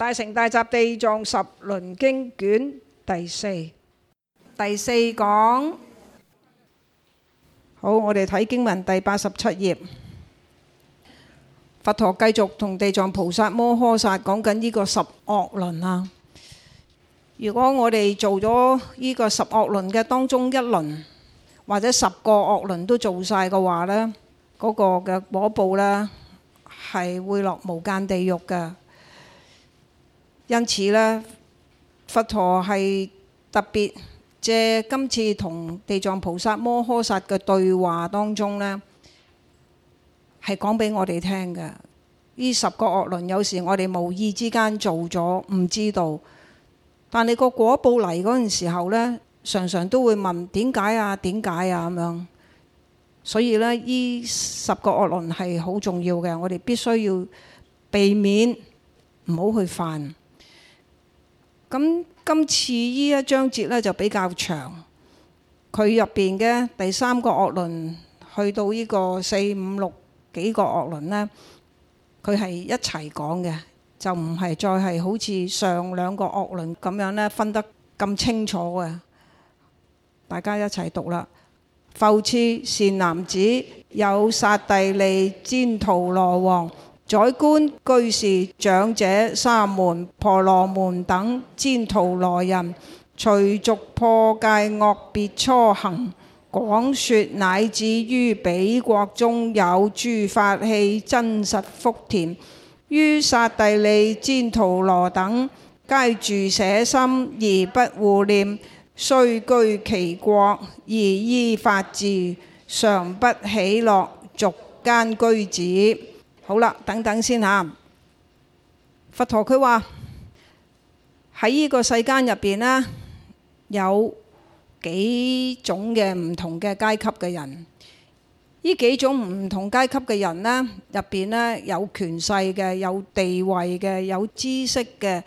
大乘大集地藏十輪經卷第四，第四講。好，我哋睇經文第八十七頁，佛陀繼續同地藏菩薩摩訶薩講緊呢個十惡輪啊。如果我哋做咗呢個十惡輪嘅當中一輪，或者十個惡輪都做晒嘅話呢，嗰個嘅果報呢係會落無間地獄嘅。因此咧，佛陀係特別借今次同地藏菩薩摩訶薩嘅對話當中咧，係講俾我哋聽嘅。呢十個惡輪有時我哋無意之間做咗唔知道，但你個果報嚟嗰陣時候咧，常常都會問點解啊？點解啊？咁樣。所以咧，呢十個惡輪係好重要嘅，我哋必須要避免唔好去犯。咁今次呢一章節呢就比較長，佢入面嘅第三個惡輪去到呢個四五六幾個惡輪呢，佢係一齊講嘅，就唔係再係好似上兩個惡輪咁樣呢分得咁清楚嘅，大家一齊讀啦。復次善男子，有剎帝利旃荼羅王。宰官居士長者沙門婆羅門等旃荼羅人，隨逐破戒惡苾芻行，廣說乃至於彼國中有諸法器真實福田。於剎帝利旃荼羅等，皆住捨心而不護念，雖居其國而依法住，常不喜樂俗間居止。好啦，等等先嚇。佛陀佢話喺呢個世間入邊咧，有幾種嘅唔同嘅階級嘅人。呢幾種唔同階級嘅人咧，入邊咧有權勢嘅、有地位嘅、有知識嘅、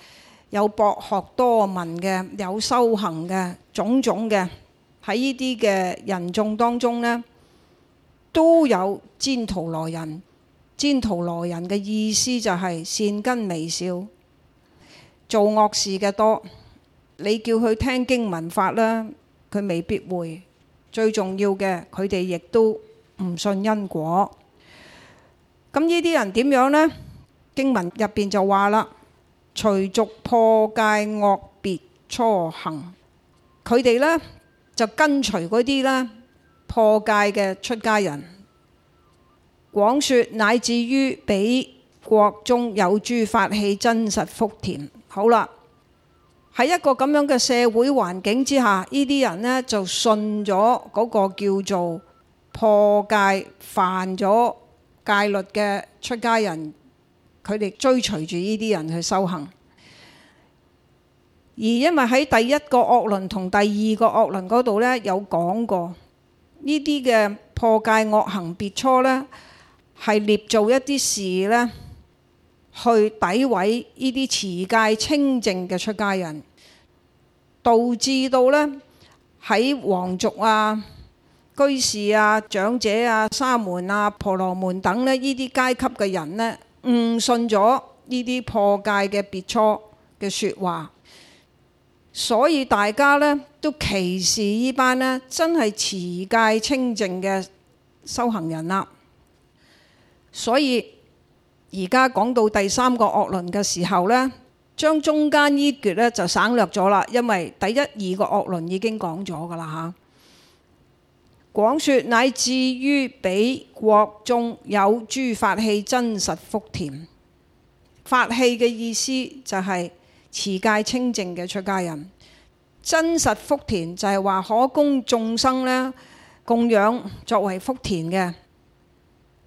有博學多聞嘅、有修行嘅，種種嘅喺呢啲嘅人眾當中咧，都有旃荼羅人。旃荼羅人嘅意思就係善根微少，做惡事嘅多。你叫佢聽經文法咧，佢未必會。最重要嘅，佢哋亦都唔信因果。咁呢啲人點樣呢？經文入邊就話啦，隨逐破戒惡苾芻行，佢哋呢，就跟隨嗰啲呢破戒嘅出家人。廣説乃至於彼國中有諸法器真實福田。好啦，喺一個咁樣嘅社會環境之下，呢啲人呢就信咗嗰個叫做破戒犯咗戒律嘅出家人，佢哋追隨住呢啲人去修行。而因為喺第一個惡輪同第二個惡輪嗰度呢，有講過呢啲嘅破戒惡行苾芻呢。係列做一啲事呢，去詆毀呢啲持戒清淨嘅出家人，導致到呢喺皇族啊、居士啊、長者啊、沙門啊、婆羅門等呢呢啲階級嘅人呢，誤信咗呢啲破戒嘅別錯嘅説話，所以大家呢都歧視呢班呢真係持戒清淨嘅修行人啦。所以而家講到第三個惡輪嘅時候呢，將中間呢段呢就省略咗啦，因為第一二個惡輪已經講咗噶啦嚇。廣説乃至於彼國中有諸法器真實福田，法器嘅意思就係持戒清淨嘅出家人，真實福田就係話可供眾生呢供養作為福田嘅。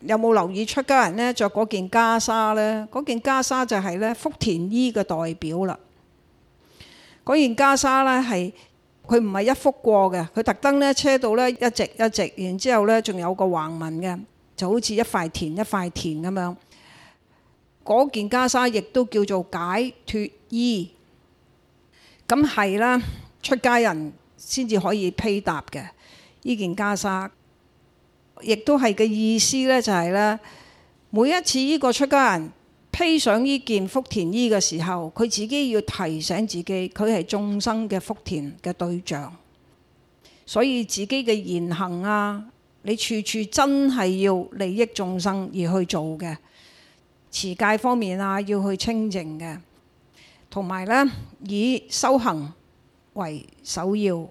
有冇留意出家人呢着嗰件袈裟咧？嗰件袈裟就係咧福田衣嘅代表啦。嗰件袈裟咧係佢唔係一幅過嘅，佢特登咧車到咧一直一直，然之後咧仲有個橫紋嘅，就好似一塊田一塊田咁樣。嗰件袈裟亦都叫做解脫衣。咁係啦，出家人先至可以披搭嘅呢件袈裟。亦都係嘅意思咧，就係咧，每一次呢個出家人披上呢件福田衣嘅時候，佢自己要提醒自己，佢係眾生嘅福田嘅對象，所以自己嘅言行啊，你處處真係要利益眾生而去做嘅，持戒方面啊，要去清淨嘅，同埋咧以修行為首要，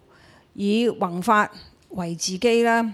以弘法為自己啦。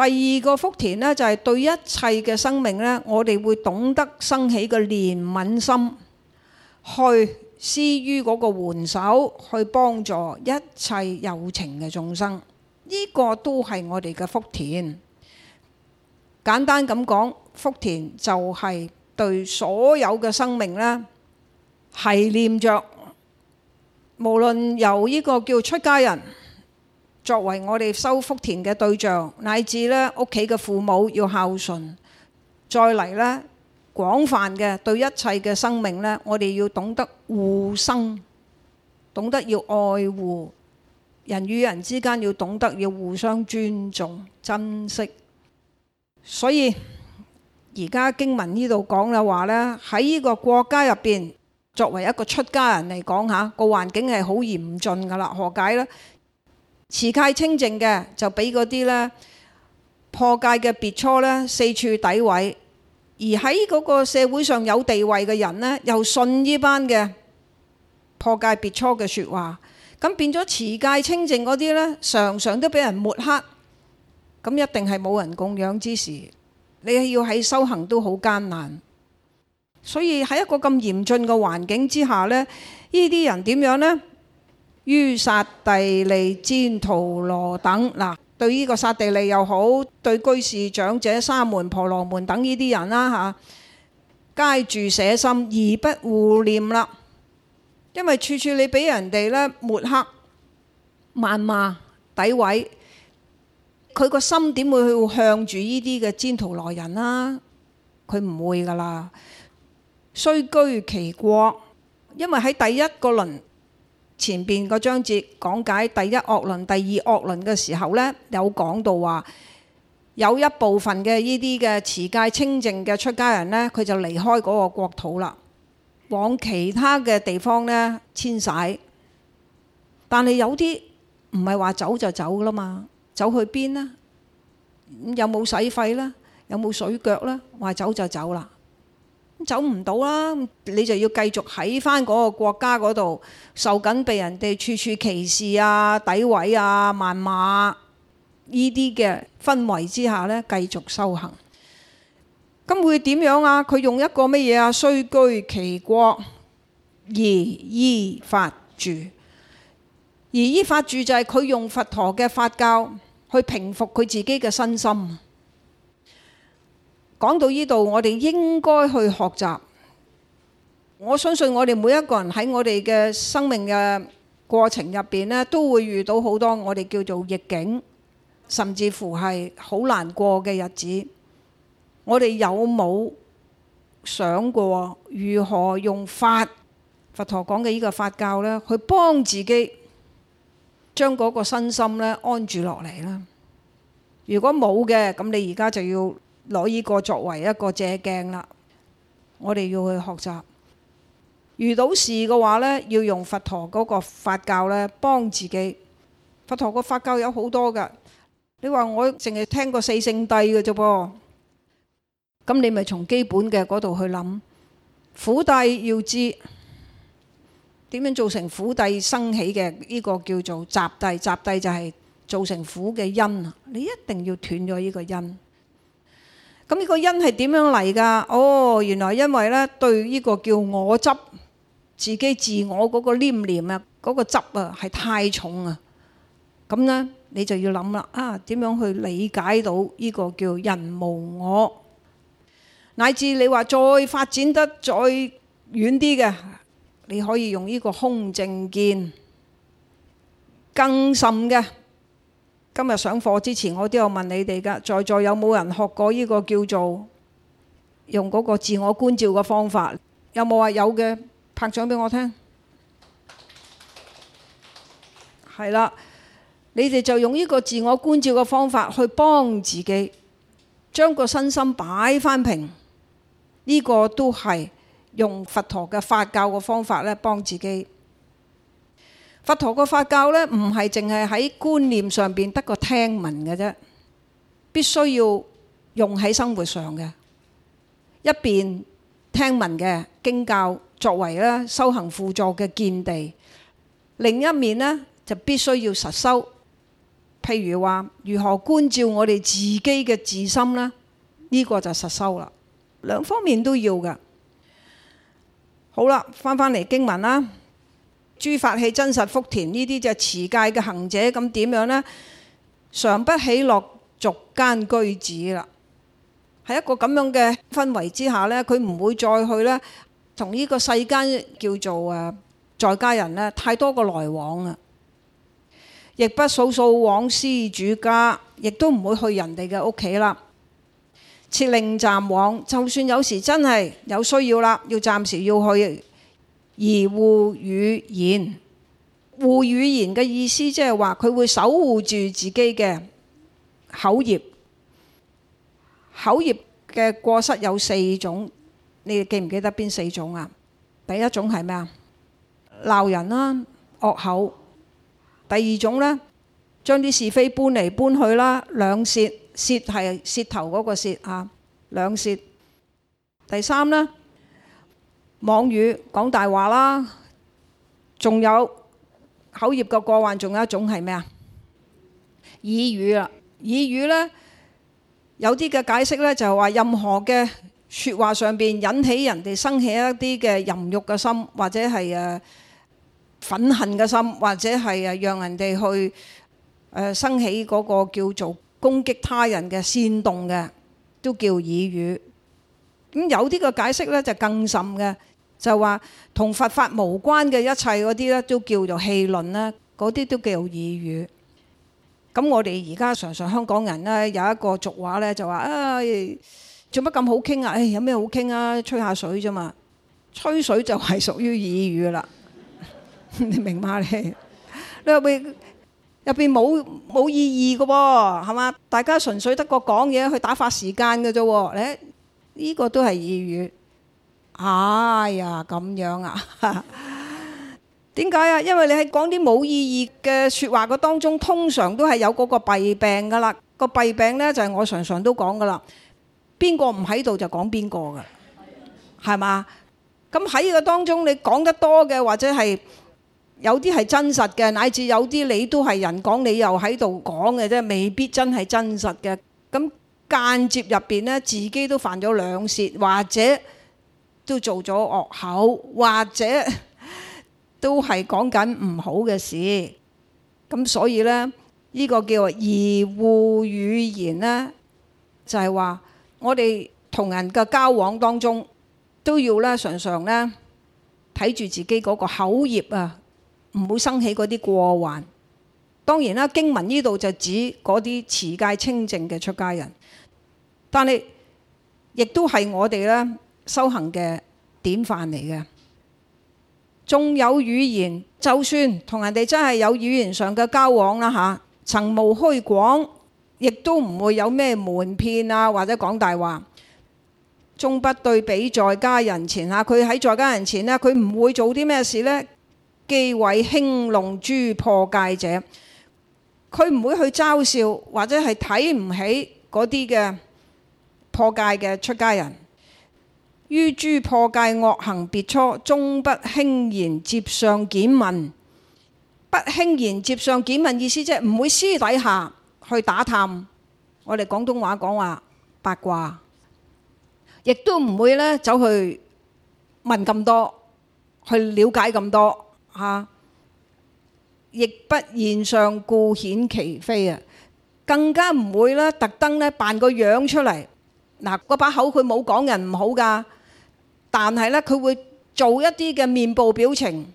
第二個福田呢，就係對一切嘅生命呢，我哋會懂得生起嘅憐憫心，去施於嗰個援手，去幫助一切有情嘅眾生。呢個都係我哋嘅福田。簡單咁講，福田就係對所有嘅生命呢，係念着，無論由呢個叫出家人。作為我哋收福田嘅對象，乃至咧屋企嘅父母要孝順，再嚟咧廣泛嘅對一切嘅生命咧，我哋要懂得護生，懂得要愛護，人與人之間要懂得要互相尊重、珍惜。所以而家經文呢度講嘅話咧，喺呢個國家入邊，作為一個出家人嚟講吓，個環境係好嚴峻噶啦，何解咧？持戒清淨嘅就俾嗰啲呢破戒嘅苾芻呢四處詆毀，而喺嗰個社會上有地位嘅人呢，又信呢班嘅破戒苾芻嘅說話，咁變咗持戒清淨嗰啲呢，常常都俾人抹黑，咁一定係冇人供養之時，你要喺修行都好艱難，所以喺一個咁嚴峻嘅環境之下呢，呢啲人點樣呢？於剎帝利、旃荼羅等，嗱對呢個剎帝利又好，對居士、長者、沙門、婆羅門等呢啲人啦嚇，皆住捨心而不護念啦。因為處處你俾人哋咧抹黑、謾罵、詆毀，佢個心點會去向住呢啲嘅旃荼羅人啦？佢唔會噶啦。雖居其國，因為喺第一個輪。前面個章節講解第一惡輪、第二惡輪嘅時候呢，有講到話有一部分嘅呢啲嘅持戒清淨嘅出家人呢，佢就離開嗰個國土啦，往其他嘅地方呢遷徙。但係有啲唔係話走就走噶嘛，走去邊呢？有冇使費咧？有冇水腳咧？話走就走啦。走唔到啦，你就要繼續喺返嗰個國家嗰度受緊被人哋處處歧視啊、詆毀啊、謾罵呢啲嘅氛圍之下呢，繼續修行。咁會點樣啊？佢用一個乜嘢啊？雖居其國而依法住，而依法住就係佢用佛陀嘅法教去平復佢自己嘅身心。講到呢度，我哋應該去學習。我相信我哋每一個人喺我哋嘅生命嘅過程入面呢，都會遇到好多我哋叫做逆境，甚至乎係好難過嘅日子。我哋有冇想過如何用法，佛陀講嘅呢個法教呢，去幫自己將嗰個身心呢，安住落嚟呢？如果冇嘅，咁你而家就要。攞呢個作為一個借鏡啦，我哋要去學習。遇到事嘅話呢，要用佛陀嗰個法教呢，幫自己。佛陀個法教有好多㗎，你話我淨係聽過四聖帝嘅啫噃。咁你咪從基本嘅嗰度去諗苦帝，要知點樣造成苦帝生起嘅呢個叫做集帝，集帝就係造成苦嘅因，你一定要斷咗呢個因。咁呢個因係點樣嚟㗎？哦，原來因為呢，對呢個叫我執自己自我嗰個黏念啊，嗰、嗰個執啊係太重啊。咁呢，你就要諗啦，啊點樣去理解到呢個叫人無我，乃至你話再發展得再遠啲嘅，你可以用呢個空正見更甚嘅。今日上課之前，我都有問你哋噶，在座有冇人學過呢個叫做用嗰個自我觀照嘅方法？有冇啊？有嘅，拍掌俾我聽。係啦，你哋就用呢個自我觀照嘅方法去幫自己，將個身心擺翻平。呢個都係用佛陀嘅法教嘅方法咧，幫自己。佛陀個法教咧，唔係淨係喺觀念上邊得個聽聞嘅啫，必須要用喺生活上嘅。一邊聽聞嘅經教作為咧修行輔助嘅見地，另一面呢，就必須要實修。譬如話如何觀照我哋自己嘅自心呢？呢、呢個就實修啦。兩方面都要噶。好啦，翻返嚟經文啦。諸法器真實福田，呢啲就持戒嘅行者。咁點樣呢？常不喜樂俗間居止啦，喺一個咁樣嘅氛圍之下呢，佢唔會再去呢，同呢個世間叫做誒在家人呢，太多個來往啊！亦不數數往施主家，亦都唔會去人哋嘅屋企啦。設令暫往，就算有時真係有需要啦，要暫時要去。而護語言，護語言嘅意思即係話佢會守護住自己嘅口業。口業嘅過失有四種，你哋記唔記得邊四種啊？第一種係咩啊？鬧人啦，惡口。第二種呢，將啲是非搬嚟搬去啦，兩舌，舌係舌頭嗰個舌啊，兩舌。第三呢？妄語講大話啦，仲有口業嘅過患，仲有一種係咩啊？耳語啊！耳語咧，有啲嘅解釋咧就係話任何嘅説話上邊引起人哋生起一啲嘅淫慾嘅心，或者係誒憤恨嘅心，或者係誒讓人哋去誒生起嗰個叫做攻擊他人嘅煽動嘅，都叫耳語。咁有啲嘅解釋咧就更甚嘅。就話同佛法無關嘅一切嗰啲咧，都叫做戲論咧，嗰啲都叫做耳語。咁我哋而家常常香港人咧有一個俗話咧，就話啊做乜咁好傾啊？誒、哎、有咩好傾啊？吹下水啫嘛，吹水就係屬於耳語啦。 你明白嗎？你你入邊入邊冇冇意義嘅噃，係嘛？大家純粹得個講嘢去打發時間嘅啫喎。呢、這個都係耳語。哎呀，咁樣啊？點解啊？因為你喺講啲冇意義嘅説話個當中，通常都係有嗰個弊病噶啦。個弊病呢，就係、是、我常常都講噶啦，邊個唔喺度就講邊個噶，係嘛？咁喺個當中，你講得多嘅，或者係有啲係真實嘅，乃至有啲你都係人講，你又喺度講嘅啫，未必真係真實嘅。咁間接入邊呢，自己都犯咗兩舌，或者。都做咗惡口，或者都係講緊唔好嘅事。咁所以呢，呢、呢個叫做「二護語言呢就係、是、話我哋同人嘅交往當中都要咧，常常咧睇住自己嗰個口業啊，唔好生起嗰啲過患。當然啦，經文呢度就指嗰啲持戒清淨嘅出家人，但係亦都係我哋咧。修行嘅典範嚟嘅，仲有語言，就算同人哋真係有語言上嘅交往啦嚇，曾無虛誑，亦都唔會有咩瞞騙啊，或者講大話，終不對彼在家人前啊，佢喺在家人前咧，佢唔會做啲咩事呢？譏毀輕弄諸破戒者，佢唔會去嘲笑或者係睇唔起嗰啲嘅破戒嘅出家人。於諸破戒惡行苾芻，終不輕然輒相檢問；不輕然輒相檢問意思即係，唔會私底下去打探。我哋廣東話講話八卦，亦都唔會呢走去問咁多，去了解咁多嚇、啊。亦不現相，故顯其非啊，更加唔會呢特登咧扮個樣出嚟嗱，個把口佢冇講人唔好噶。但係咧，佢會做一啲嘅面部表情，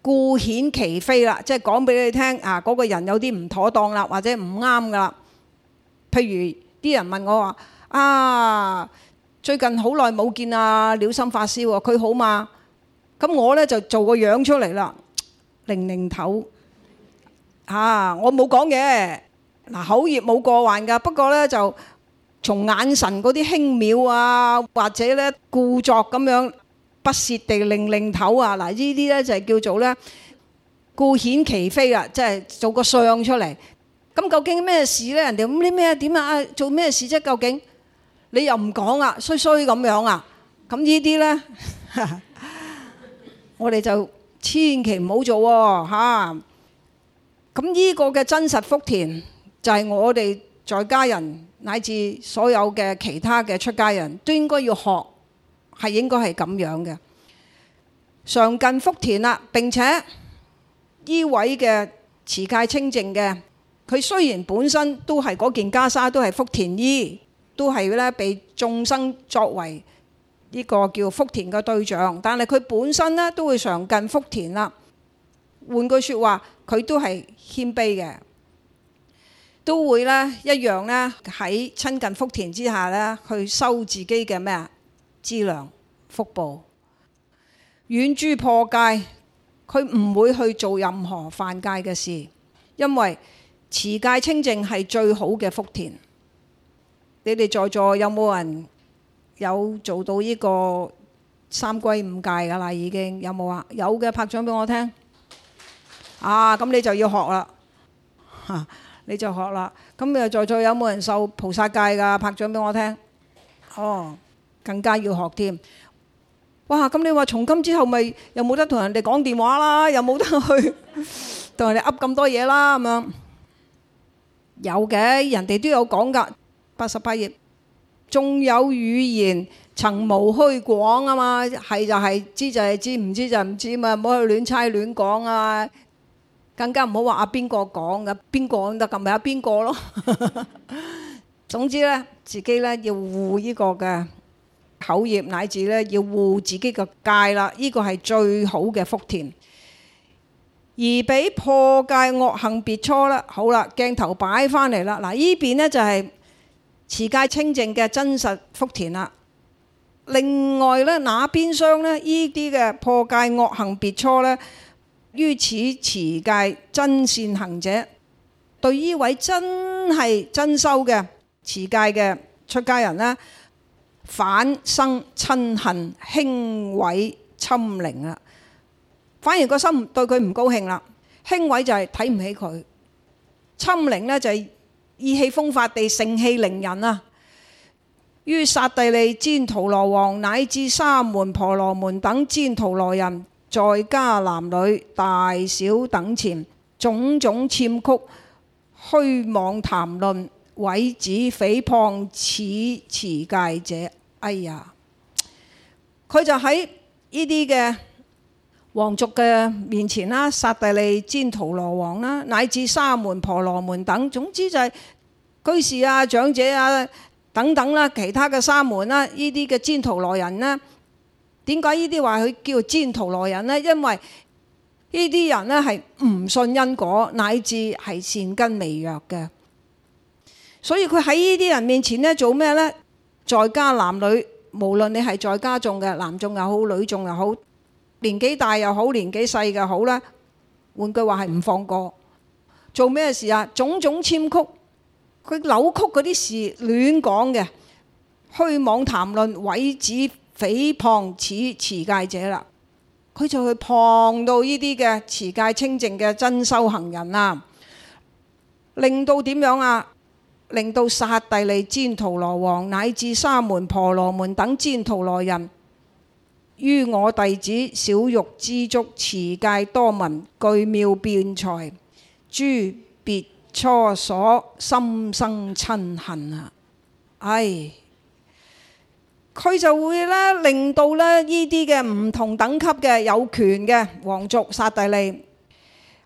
故顯其非啦，即係講俾你聽啊，嗰個人有啲唔妥當啦，或者唔啱噶。譬如啲人問我話：啊，最近好耐冇見啊，了心發燒喎，佢好嘛？咁我呢，就做個樣出嚟啦，擰擰頭啊，我冇講嘢，嗱口業冇過患噶，不過呢，就。從眼神嗰啲輕渺啊，或者咧故作咁樣不屑地擰擰頭啊，嗱呢啲咧就係叫做咧故顯其非啊，即係做個相出嚟。咁究竟咩事咧？人哋咁啲咩點啊？做咩事啫？究竟你又唔講啊？衰衰咁樣啊。咁呢啲咧，我哋就千祈唔好做喎嚇。咁呢個嘅真實福田就係我哋在家人。乃至所有嘅其他嘅出家人都應該要學，係應該係咁樣嘅。常近福田啦，並且呢位嘅持戒清淨嘅，佢雖然本身都係嗰件袈裟都係福田衣，都係咧被眾生作為呢個叫福田嘅對象，但係佢本身咧都會常近福田啦。換句說話，佢都係謙卑嘅。都會咧一樣咧喺親近福田之下咧去收自己嘅咩啊資糧福報。遠諸破戒，佢唔會去做任何犯戒嘅事，因為持戒清淨係最好嘅福田。你哋在座有冇人有做到呢個三歸五戒㗎啦？已經有冇啊？有嘅拍掌俾我聽。啊，咁你就要學啦。你就學啦，咁你又在座有冇人受菩薩戒噶？拍掌俾我聽。哦，更加要學添。哇！咁你話從今之後咪又冇得同人哋講電話啦，又冇得去同人哋噏咁多嘢啦咁樣。有嘅，人哋都有講噶。八十八頁，縱有語言，曾無虛誑啊嘛。係就係知就係知，唔知就唔知嘛。唔好去亂猜亂講啊。更加唔好話阿邊個講嘅，邊個得咁咪阿邊個咯？ 總之呢，自己呢要護呢個嘅口業，乃至呢要護自己嘅戒啦。呢個係最好嘅福田。而俾破戒惡行苾芻啦，好啦，鏡頭擺翻嚟啦。嗱，呢邊呢就係持戒清淨嘅真實福田啦。另外呢，那邊廂呢，呢啲嘅破戒惡行苾芻呢。於此持戒真善行者，對呢位真係真修嘅持戒嘅出家人呢，反生瞋恨、輕毀、侵陵啊！反而個心對佢唔高興啦，輕毀就係睇唔起佢，侵凌呢就係意氣風發地盛氣凌人啦。於剎帝利旃荼羅王乃至沙門婆羅門等旃荼羅人。在家男女大小等前，種種諂曲，虛妄談論，毀呰誹謗此持戒者，哎呀！佢就喺呢啲嘅皇族嘅面前啦，剎帝利旃荼羅王啦，乃至沙門婆羅門等，總之就係居士啊、長者啊等等啦，其他嘅沙門啦，呢啲嘅旃荼羅人啦。點解呢啲話佢叫旃荼羅人呢？因為呢啲人呢係唔信因果，乃至係善根微弱嘅。所以佢喺呢啲人面前呢做咩呢？在家男女，無論你係在家種嘅男種又好，女種又好，年紀大又好，年紀細嘅好啦。換句話係唔放過。做咩事啊？種種諂曲，佢扭曲嗰啲事，亂講嘅，虛妄談論，毀呰。誹謗此持戒者啦，佢就去謗到呢啲嘅持戒清淨嘅真修行人啦，令到點樣啊？令到剎帝利旃荼羅王乃至沙門婆羅門等旃荼羅人。於我弟子少欲知足，持戒多聞，具妙辯才，諸苾芻所心生瞋恨啊！唉。佢就會咧，令到咧呢啲嘅唔同等級嘅有權嘅皇族、剎帝利，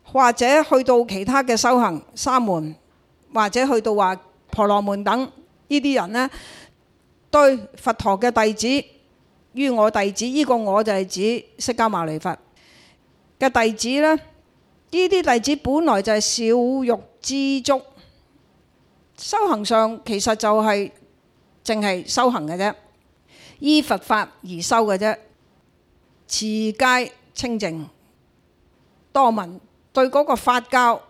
或者去到其他嘅修行沙門，或者去到話婆羅門等呢啲人呢，對佛陀嘅弟子，於我弟子呢、呢個，我就係指釋迦牟尼佛嘅弟子咧。呢啲弟子本來就係少欲知足，修行上其實就係淨係修行嘅啫。依佛法而修嘅啫，持戒清淨，多聞，對嗰個法教，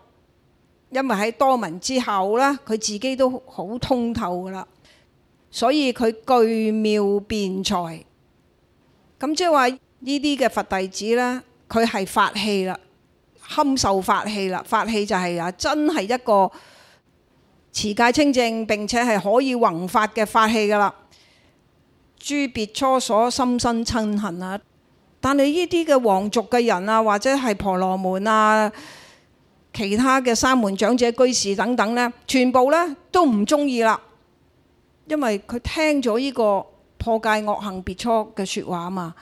因為喺多聞之後呢，佢自己都好通透噶啦，所以佢具妙辯才。咁即係話呢啲嘅佛弟子呢，佢係法器啦，堪受法器啦。法器就係啊，真係一個持戒清淨並且係可以宏法嘅法器噶啦。諸苾芻所，心生瞋恨啊！但係呢啲嘅皇族嘅人啊，或者係婆羅門啊、其他嘅沙門長者居士等等呢，全部呢都唔中意啦，因為佢聽咗呢個破戒惡行苾芻嘅説話嘛。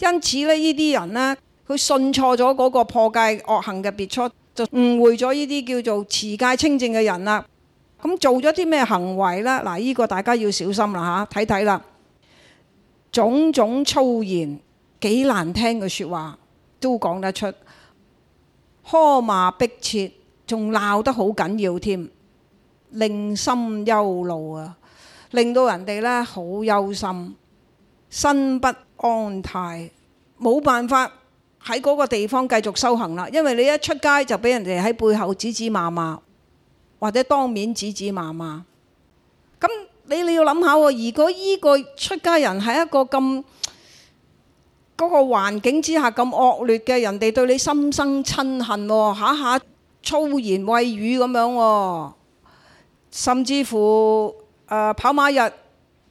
因此呢，呢啲人呢，佢信錯咗嗰個破戒惡行嘅苾芻，就誤會咗呢啲叫做持戒清淨嘅人啦。咁做咗啲咩行為咧？嗱，依個大家要小心啦嚇，睇睇啦，種種粗言幾難聽嘅説話都講得出，呵罵逼切，仲鬧得好緊要添，令心憂怒啊，令到人哋咧好憂心，身不安泰，冇辦法喺嗰個地方繼續修行啦，因為你一出街就俾人哋喺背後指指罵罵。或者當面指指罵罵，咁你你要諗下喎。如果依個出家人係一個咁嗰個環境之下咁惡劣嘅，人哋對你心生瞋恨喎，下下粗言穢語咁樣喎，甚至乎誒、啊、跑馬日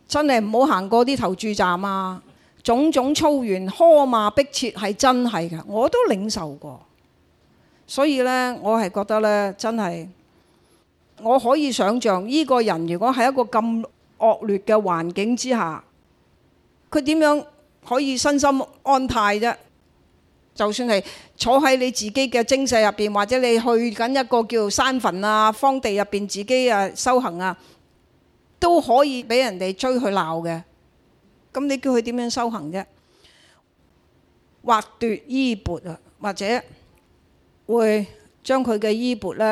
真係唔好行過啲投注站啊！種種粗言呵罵逼切係真係嘅，我都領受過。所以呢，我係覺得呢，真係。我可以想象呢、這個人如果喺一個咁惡劣嘅環境之下，佢點樣可以身心安泰啫？就算係坐喺你自己嘅精舍入面，或者你去緊一個叫山墳啊、荒地入面自己啊修行啊，都可以俾人哋追佢鬧嘅。咁你叫佢點樣修行啫？或奪衣缽，或者會將佢嘅衣缽咧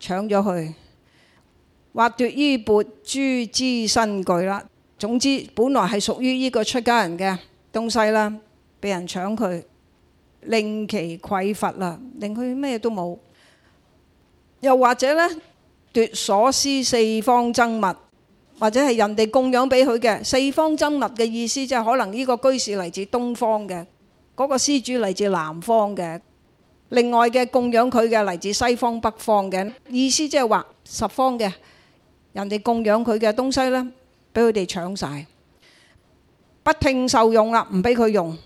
搶咗去。或奪衣缽諸資身具啦，總之本來係屬於呢個出家人嘅東西啦，俾人搶佢，令其匱乏啦，令佢咩都冇。又或者呢，奪所施四方僧物，或者係人哋供養俾佢嘅四方僧物嘅意思，即係可能呢個居士嚟自東方嘅，嗰、嗰個施主嚟自南方嘅，另外嘅供養佢嘅嚟自西方、北方嘅意思，即係話十方嘅。人哋供養佢嘅東西呢，俾佢哋搶晒，不聽受用啦，唔俾佢用，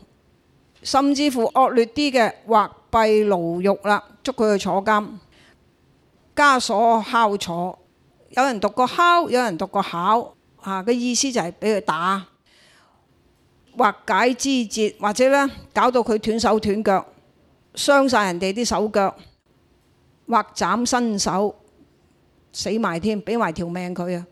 甚至乎惡劣啲嘅，或閉牢獄啦，捉佢去坐監，枷鎖拷楚，有人讀個敲，有人讀個考，吓嘅、啊、意思就係俾佢打，或解肢節，或者呢，搞到佢斷手斷腳，傷晒人哋啲手腳，或斬身首。死埋添，俾埋條命佢啊！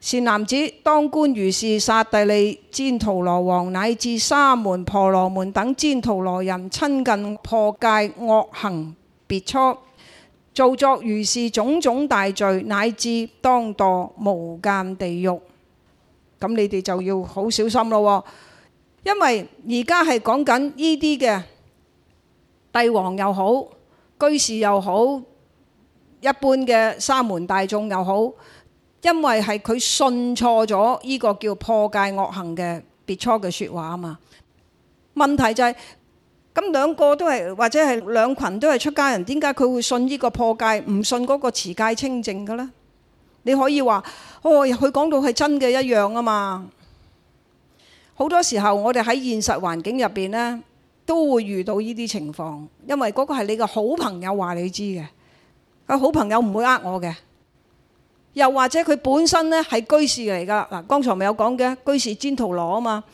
善男子，當觀如是剎帝利、旃荼羅王乃至沙門婆羅門等旃荼羅人，親近破戒惡行苾芻，造作如是種種大罪，乃至當墮無間地獄。咁你哋就要好小心咯，因為而家係講緊呢啲嘅帝王又好，居士又好。一般嘅沙門大眾又好，因為係佢信錯咗呢個叫破戒惡行嘅別錯嘅説話啊嘛。問題就係咁兩個都係或者係兩群都係出家人，點解佢會信呢個破戒，唔信嗰個持戒清淨嘅呢？你可以話哦，佢講到係真嘅一樣啊嘛。好多時候我哋喺現實環境入邊呢，都會遇到呢啲情況，因為嗰個係你嘅好朋友話你知嘅。個好朋友唔會呃我嘅，又或者佢本身咧係居士嚟噶。嗱，剛才咪有講嘅居士旃荼羅啊嘛，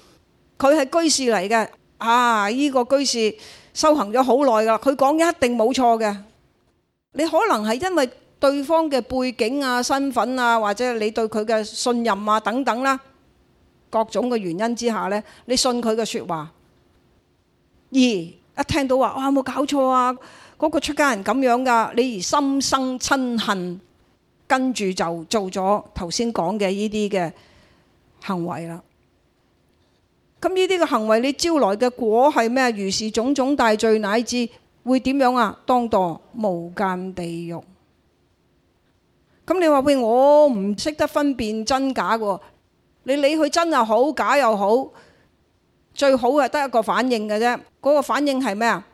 佢係居士嚟嘅。啊，依個居士修行咗好耐噶啦，佢講嘅一定冇錯嘅。你可能係因為對方嘅背景啊、身份啊，或者你對佢嘅信任啊等等啦，各種嘅原因之下咧，你信佢嘅説話。二一聽到話，啊有冇搞錯啊！嗰個出家人咁樣噶，你而心生瞋恨，跟住就做咗頭先講嘅呢啲嘅行為啦。咁呢啲嘅行為，你招來嘅果係咩？如是種種大罪，乃至會點樣啊？當墮無間地獄。咁你話會我唔識得分辨真假喎。你理佢真又好，假又好，最好係得一個反應嘅啫。嗰個反應係咩啊？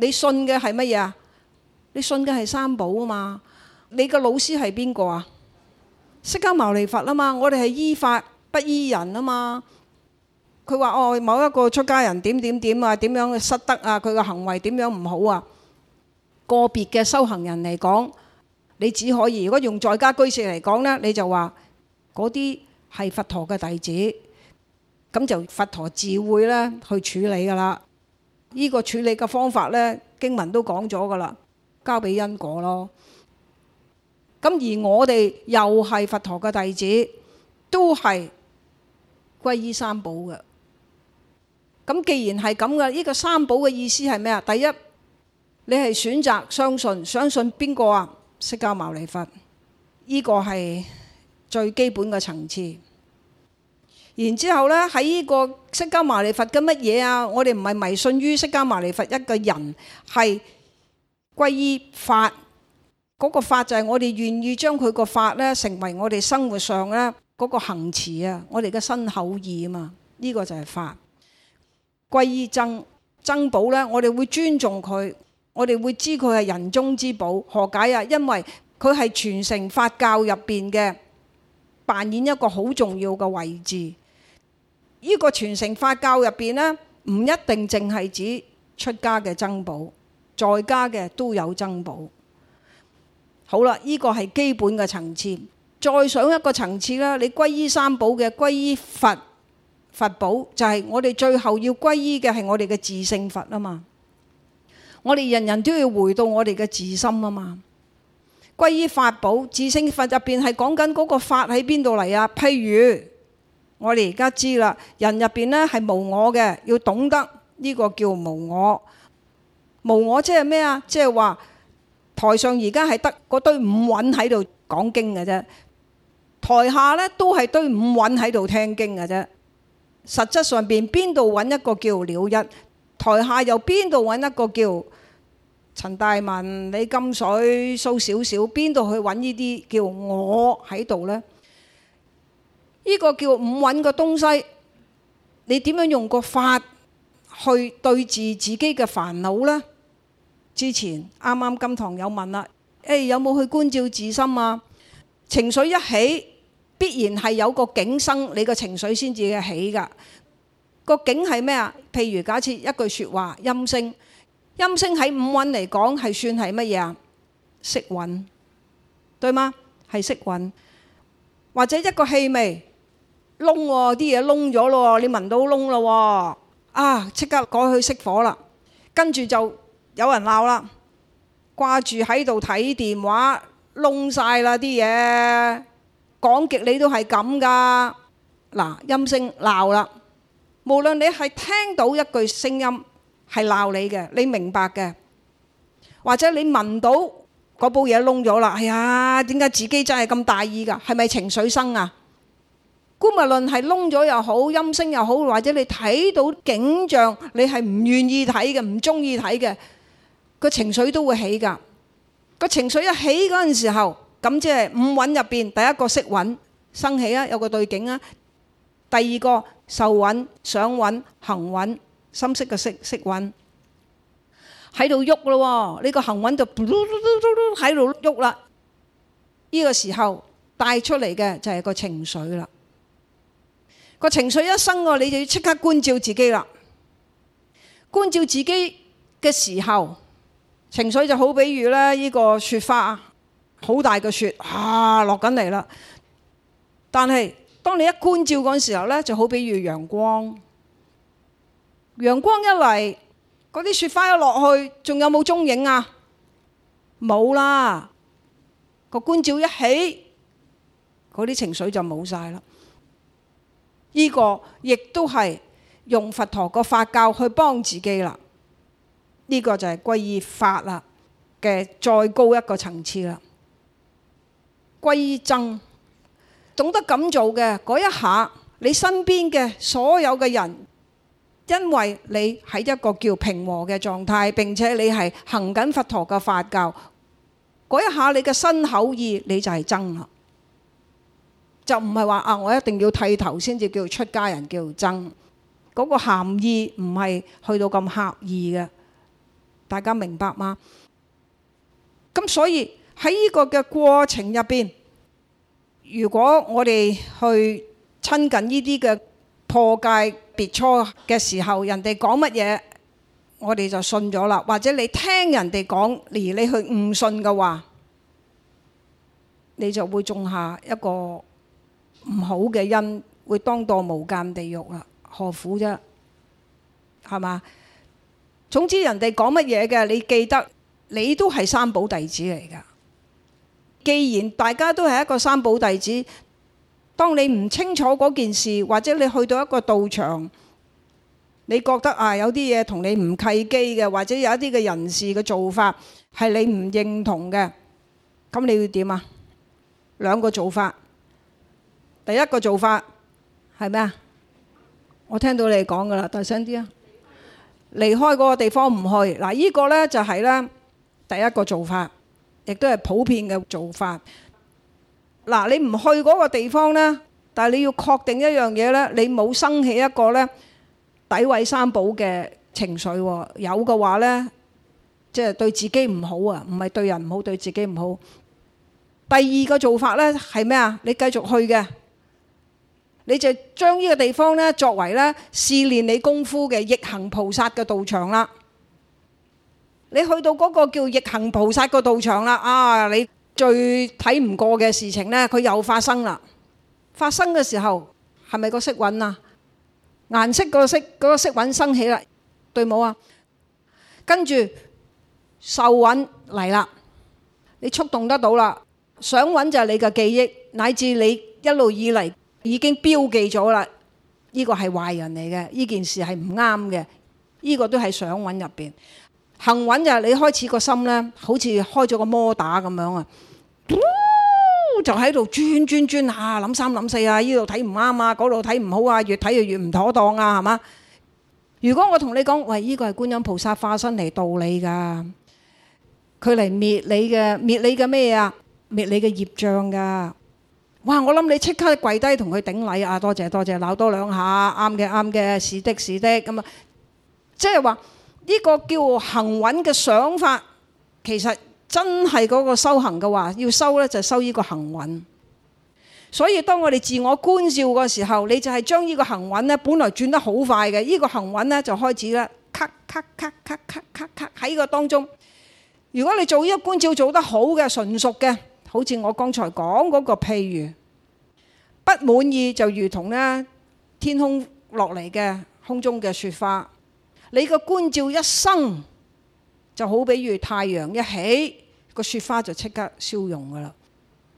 你信嘅係乜嘢啊？你信嘅係三寶啊嘛。你個老師係邊個啊？釋迦牟尼佛啊嘛。我哋係依法不依人啊嘛。佢話哦，某一個出家人點點點啊，點樣失德啊，佢個行為點樣唔好啊。個別嘅修行人嚟講，你只可以如果用在家居士嚟講呢，你就話嗰啲係佛陀嘅弟子，咁就佛陀自會咧去處理㗎啦。呢個處理嘅方法呢，經文都講咗噶啦，交俾因果咯。咁而我哋又係佛陀嘅弟子，都係皈依三寶嘅。咁既然係咁嘅，呢個三寶嘅意思係咩啊？第一，你係選擇相信，相信邊個啊？釋迦牟尼佛，呢個係最基本嘅層次。然之後咧，喺呢個釋迦牟尼佛嘅乜嘢啊？我哋唔係迷信於釋迦牟尼佛一個人，係歸依法嗰、嗰個法就係我哋願意將佢個法咧成為我哋生活上咧嗰個行持啊，我哋嘅身口意啊嘛，呢、呢個就係法。歸依僧，僧寶咧，我哋會尊重佢，我哋會知佢係人中之寶。何解啊？因為佢係傳承佛教入面嘅扮演一個好重要嘅位置。呢、這個傳承法教入邊呢，唔一定淨係指出家嘅僧寶，在家嘅都有僧寶。好啦，呢、這個係基本嘅層次。再上一個層次啦，你歸依三寶嘅，歸依佛佛寶，就係、是、我哋最後要歸依嘅係我哋嘅自性佛啊嘛。我哋人人都要回到我哋嘅自心啊嘛。歸依法寶、自性佛入邊係講緊嗰個法喺邊度嚟啊？譬如。我哋而家知啦，人入面呢係無我嘅，要懂得呢、呢個叫無我。無我即係咩啊？即係話台上而家係得嗰堆五蘊喺度講經嘅啫，台下呢都係堆五蘊喺度聽經嘅啫。實質上邊邊度揾一個叫了一？一台下又邊度揾一個叫陳大文？李金水、蘇小小，邊度去揾呢啲叫我喺度呢？呢、這個叫五蘊嘅東西，你點樣用個法去對治自己嘅煩惱呢？之前啱啱金堂有問啦，誒、哎、有冇去觀照自心啊？情緒一起必然係有個景生，你個情緒先至嘅起㗎。個景係咩啊？譬如假設一句説話，音聲，音聲喺五蘊嚟講係算係乜嘢啊？色蘊，對嗎？係色蘊，或者一個氣味。窿喎，啲嘢窿咗咯，你聞到窿咯喎，啊，即刻過去熄火啦。跟住就有人鬧啦，掛住喺度睇電話，窿曬啦啲嘢。講極你都係咁噶，嗱，音聲鬧啦。無論你係聽到一句聲音係鬧你嘅，你明白嘅，或者你聞到嗰煲嘢窿咗啦，哎呀，點解自己真係咁大意㗎？係咪情緒生啊？觀物論係窿咗又好，音聲又好，或者你睇到景象你是不願，你係唔願意睇嘅，唔中意睇嘅，個情緒都會起㗎。個情緒一起嗰陣時候，咁即係五蘊入邊，第一個色蘊，生起啊，有個對景啊。第二個受蘊、想蘊、行蘊、深色嘅色色蘊，喺度喐咯。呢個行蘊就喺度喐啦。呢、這個時候帶出嚟嘅就係個情緒啦。個情緒一生喎，你就要即刻觀照自己啦。觀照自己嘅時候，情緒就好，比如呢呢個雪花，好大嘅雪啊，落緊嚟啦。但係當你一觀照嗰陣時候呢，就好比如陽光，陽光一嚟，嗰啲雪花一落去，仲有冇蹤影啊？冇啦。個觀照一起，嗰啲情緒就冇晒啦。呢、這個亦都係用佛陀個法教去幫自己啦。呢、這個就係歸依法啦嘅再高一個層次啦。皈依僧，懂得咁做嘅嗰一下，你身邊嘅所有嘅人，因為你喺一個叫平和嘅狀態，並且你係行緊佛陀嘅法教，嗰一下你嘅身口意你就係僧啦。.就唔係話啊！我一定要剃頭先至叫出家人叫僧，嗰個含義唔係去到咁刻意嘅。大家明白嗎？咁所以喺呢個嘅過程入邊，如果我哋去親近呢啲嘅破戒苾芻嘅時候，人哋講乜嘢，我哋就信咗啦。或者你聽人哋講而你去誤信嘅話，你就會種下一個。唔好嘅因，會當墮無間地獄啊，何苦啫？係嘛？總之人哋講乜嘢嘅，你記得，你都係三寶弟子嚟㗎。既然大家都係一個三寶弟子，當你唔清楚嗰件事，或者你去到一個道場，你覺得啊，有啲嘢同你唔契機嘅，或者有一啲嘅人事嘅做法係你唔認同嘅，咁你會點啊？兩個做法。第一個做法係咩啊？我聽到你講噶啦，大聲啲啊！離開嗰個地方唔去嗱，呢個呢就係呢。第一個做法，亦都係普遍嘅做法。嗱，你唔去嗰個地方呢，但係你要確定一樣嘢呢，你冇生起一個呢詆毀三寶嘅情緒。有嘅話呢，即係對自己唔好啊，唔係對人唔好，對自己唔好。第二個做法呢，係咩啊？你繼續去嘅。你就將呢個地方咧作為咧試練你功夫嘅逆行菩薩嘅道場啦。你去到嗰個叫逆行菩薩嘅道場啦，啊！你最睇唔過嘅事情呢，佢又發生啦。發生嘅時候係咪個色蘊啊？顏色個色嗰個色蘊升起啦，對冇啊？跟住受蘊嚟啦，你觸動得到啦。想蘊就係你嘅記憶，乃至你一路以嚟。已經標記咗啦，呢、這個係壞人嚟嘅，呢件事係唔啱嘅，呢、這個都係想揾入邊，幸揾就係你開始個心呢，好似開咗個摩打咁樣啊，就喺度轉轉轉啊，諗三諗四啊，呢度睇唔啱啊，嗰度睇唔好啊，越睇越越唔妥當啊，係嘛？如果我同你講，喂，呢、這個係觀音菩薩化身嚟度你噶，佢嚟滅你嘅，滅你嘅咩啊？滅你嘅業障噶。哇！我諗你即刻跪低同佢頂禮啊！多謝多謝，鬧多兩下，啱嘅啱嘅，是的，是的咁啊！即係話呢個叫行蘊嘅想法，其實真係嗰個修行嘅話，要修呢就修呢個行蘊。所以當我哋自我觀照嘅時候，你就係將呢個行蘊呢本來轉得好快嘅，呢個行蘊呢，就開始咧，咔咔咔咔咔咔喺個當中。如果你做呢個觀照做得好嘅純熟嘅，好似我剛才講嗰個譬如「不滿意就如同咧天空落嚟嘅空中嘅雪花，你嘅觀照一生就好，比如太陽一起，個雪花就即刻消融㗎喇。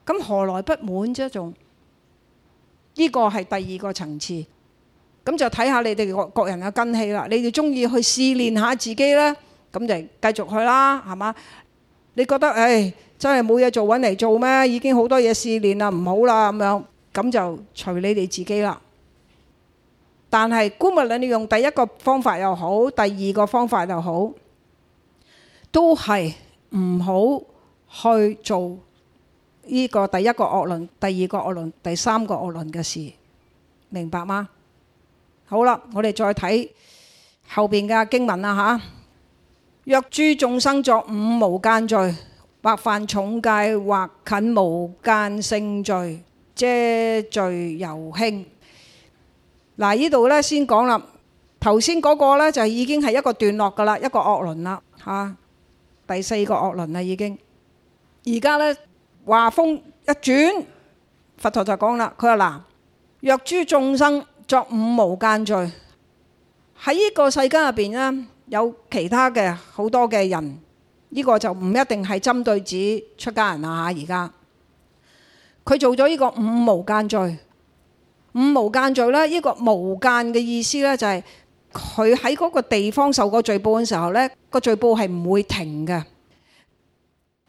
咁何來不滿啫？仲、這、呢個係第二個層次。咁就睇下你哋各人嘅根氣啦。你哋中意去試煉下自己呢，咁就繼續去啦，係嘛？你覺得唉？哎真係冇嘢做，揾嚟做咩？已經好多嘢試練啦，唔好啦咁樣，咁就隨你哋自己啦。但係姑勿論，你用第一個方法又好，第二個方法又好，都係唔好去做呢個第一個惡論、第二個惡論、第三個惡論嘅事，明白嗎？好啦，我哋再睇後邊嘅經文啦嚇。若諸眾生作五無間罪。或犯重戒，或近無間性罪，遮罪猶輕。嗱，呢度咧先講啦。頭先嗰個咧就已經係一個段落噶啦，一個惡輪啦，吓，第四個惡輪啦已經。而家咧話鋒一轉，佛陀就講啦：佢話嗱，若諸眾生作五無間罪，喺呢個世間入邊咧，有其他嘅好多嘅人。呢、這個就唔一定係針對指出家人啦、啊、嚇，而家佢做咗呢個五無間罪，五無間罪呢，呢、這個無間嘅意思呢，就係佢喺嗰個地方受過罪報嘅時候呢，個罪報係唔會停嘅。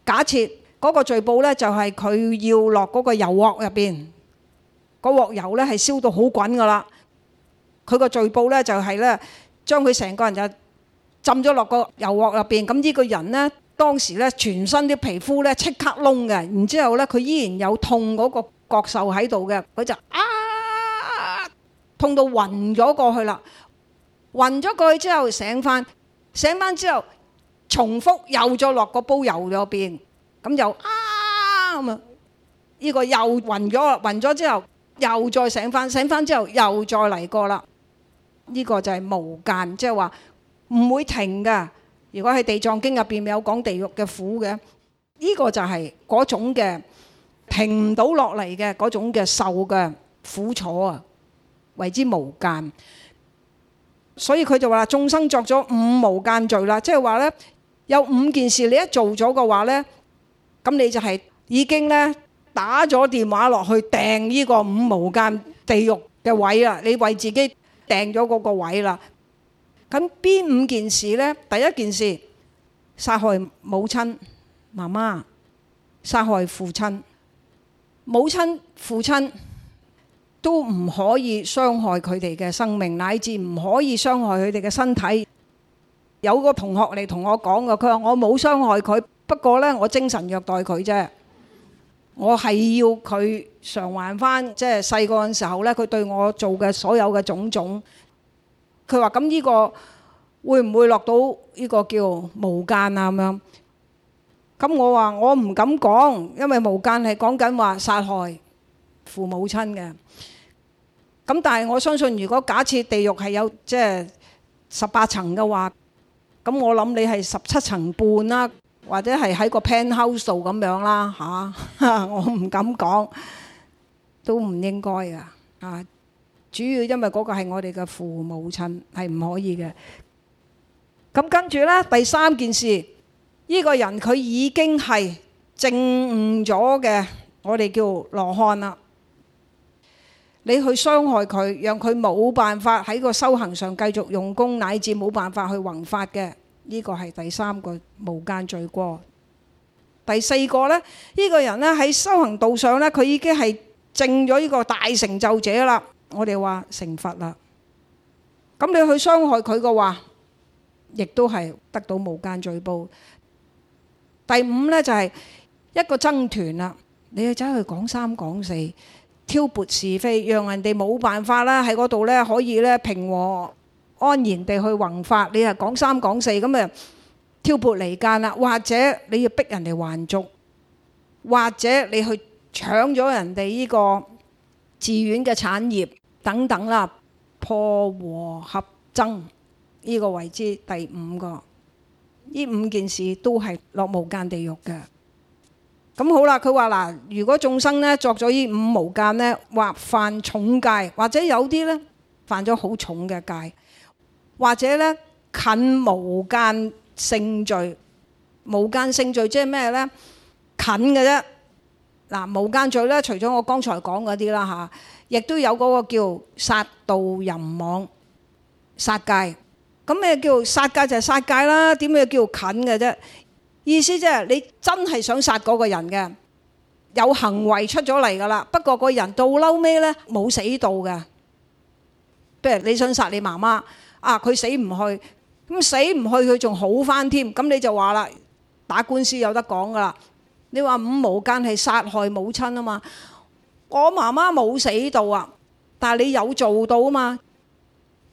假設嗰個罪報呢，就係、是、佢要落嗰個油鑊入邊，嗰個鑊油呢係燒到好滾噶啦，佢個罪報呢，就係、是、呢將佢成個人就。浸咗落個油鑊入邊，咁、這、呢個人呢，當時呢，全身啲皮膚呢即刻燶嘅，然之後呢，佢依然有痛嗰個覺受喺度嘅，佢就啊痛到暈咗過去啦。暈咗過去之後醒返，醒返之後重複又再落個煲油入邊，咁就啊咁啊，呢、這個又暈咗，暈咗之後又再醒返，醒返之後又再嚟過啦。呢、這個就係無間，即係話。唔會停㗎。如果喺《地藏經》入邊有講地獄嘅苦嘅，呢個就係嗰種嘅停唔到落嚟嘅嗰種嘅受嘅苦楚啊，為之無間。所以佢就話啦：眾生作咗五無間罪啦，即係話呢有五件事你一做咗嘅話呢，咁你就係已經呢打咗電話落去訂呢個五無間地獄嘅位啦，你為自己訂咗嗰個位啦。咁邊五件事呢？第一件事，殺害母親、媽媽，殺害父親。母親、父親都唔可以傷害佢哋嘅生命，乃至唔可以傷害佢哋嘅身體。有個同學嚟同我講嘅，佢話我冇傷害佢，不過呢，我精神虐待佢啫。我係要佢償還翻，即係細個嘅時候呢，佢對我做嘅所有嘅種種。佢話：咁呢個會唔會落到呢個叫無間啊？咁樣，咁我話我唔敢講，因為無間係講緊話殺害父母親嘅。咁但係我相信，如果假設地獄係有即係十八層嘅話，咁我諗你係十七層半啦，或者係喺個 penthouse 咁樣啦嚇、啊。我唔敢講，都唔應該噶啊！主要因為嗰個係我哋嘅父母親係唔可以嘅。咁跟住呢，第三件事，呢個人佢已經係證悟咗嘅，我哋叫羅漢啦。你去傷害佢，讓佢冇辦法喺個修行上繼續用功，乃至冇辦法去宏法嘅，呢個係第三個無間罪過。第四個呢，呢個人呢喺修行道上呢，佢已經係證咗呢個大成就者啦。我哋話成佛啦，咁你去傷害佢嘅話，亦都係得到無間罪報。第五咧就係一個僧團啦，你要走去講三講四，挑撥是非，讓人哋冇辦法啦，喺嗰度咧可以咧平和安然地去弘法。你係講三講四咁啊，挑撥離間啦，或者你要逼人哋還俗，或者你去搶咗人哋呢個寺院嘅產業。等等啦，破和合僧呢個位置第五個，呢五件事都係落無間地獄嘅。咁好啦，佢話嗱，如果眾生咧作咗呢五無間咧，或犯重戒，或者有啲咧犯咗好重嘅戒，或者咧近無間性罪，無間性罪即係咩咧？近嘅啫。嗱，無間罪咧，除咗我剛才講嗰啲啦嚇。亦都有嗰個叫殺盜淫妄殺戒，咁咩叫殺戒就係殺戒啦？點解叫近嘅啫？意思即係你真係想殺嗰個人嘅，有行為出咗嚟噶啦。不過個人到嬲尾呢？冇死到嘅。譬如你想殺你媽媽啊，佢死唔去，咁死唔去佢仲好翻添。咁你就話啦，打官司有得講噶啦。你話五無間係殺害母親啊嘛？我媽媽冇死到啊，但係你有做到嘛？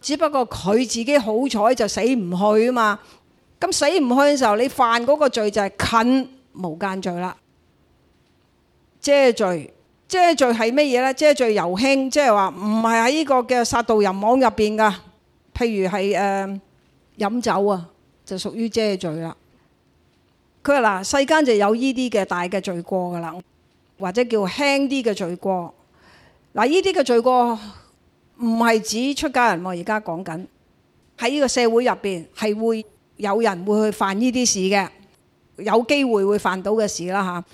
只不過佢自己好彩就死唔去啊嘛。咁死唔去嘅時候，你犯嗰個罪就係近無間罪啦。遮罪，遮罪係乜嘢呢？遮罪猶輕，即係話唔係喺呢個嘅殺盜人網入邊嘅，譬如係誒飲酒啊，就屬於遮罪啦。佢話嗱，世間就有呢啲嘅大嘅罪過噶啦。或者叫輕啲嘅罪過，嗱，呢啲嘅罪過唔係指出家人，而家講緊喺呢個社會入邊係會有人會去犯呢啲事嘅，有機會會犯到嘅事啦吓。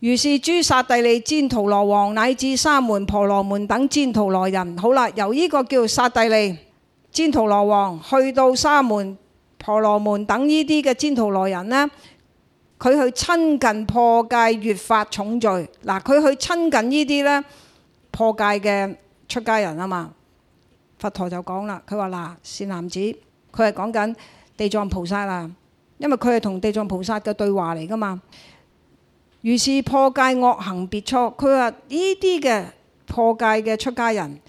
如是諸剎帝利旃荼羅王乃至沙門婆羅門等旃荼羅人，好啦，由呢個叫剎帝利旃荼羅王去到沙門婆羅門等呢啲嘅旃荼羅人呢。佢去親近破戒，越法重罪。嗱，佢去親近呢啲呢破戒嘅出家人啊嘛，佛陀就講啦，佢話嗱善男子，佢係講緊地藏菩薩啦，因為佢係同地藏菩薩嘅對話嚟噶嘛。如是破戒惡行苾芻，佢話呢啲嘅破戒嘅出家人，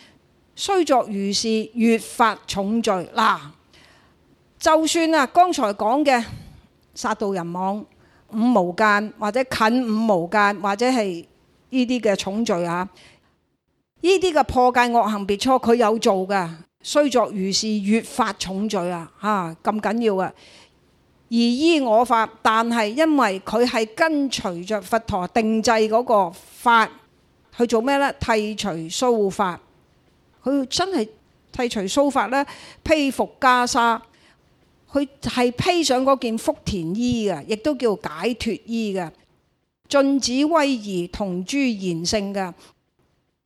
雖作如是，越法重罪。嗱，就算啊，剛才講嘅殺盜淫妄。五無間或者近五無間或者係呢啲嘅重罪啊！呢啲嘅破戒惡行苾芻，佢有做噶，雖作如是越法重罪啊！吓，咁緊要嘅，而依我法，但係因為佢係跟隨着佛陀定制嗰個法去做咩呢？剃除鬚髮。佢真係剃除鬚髮呢？被服袈裟。佢係披上嗰件福田衣嘅，亦都叫解脫衣嘅，進止威儀，同諸賢聖嘅。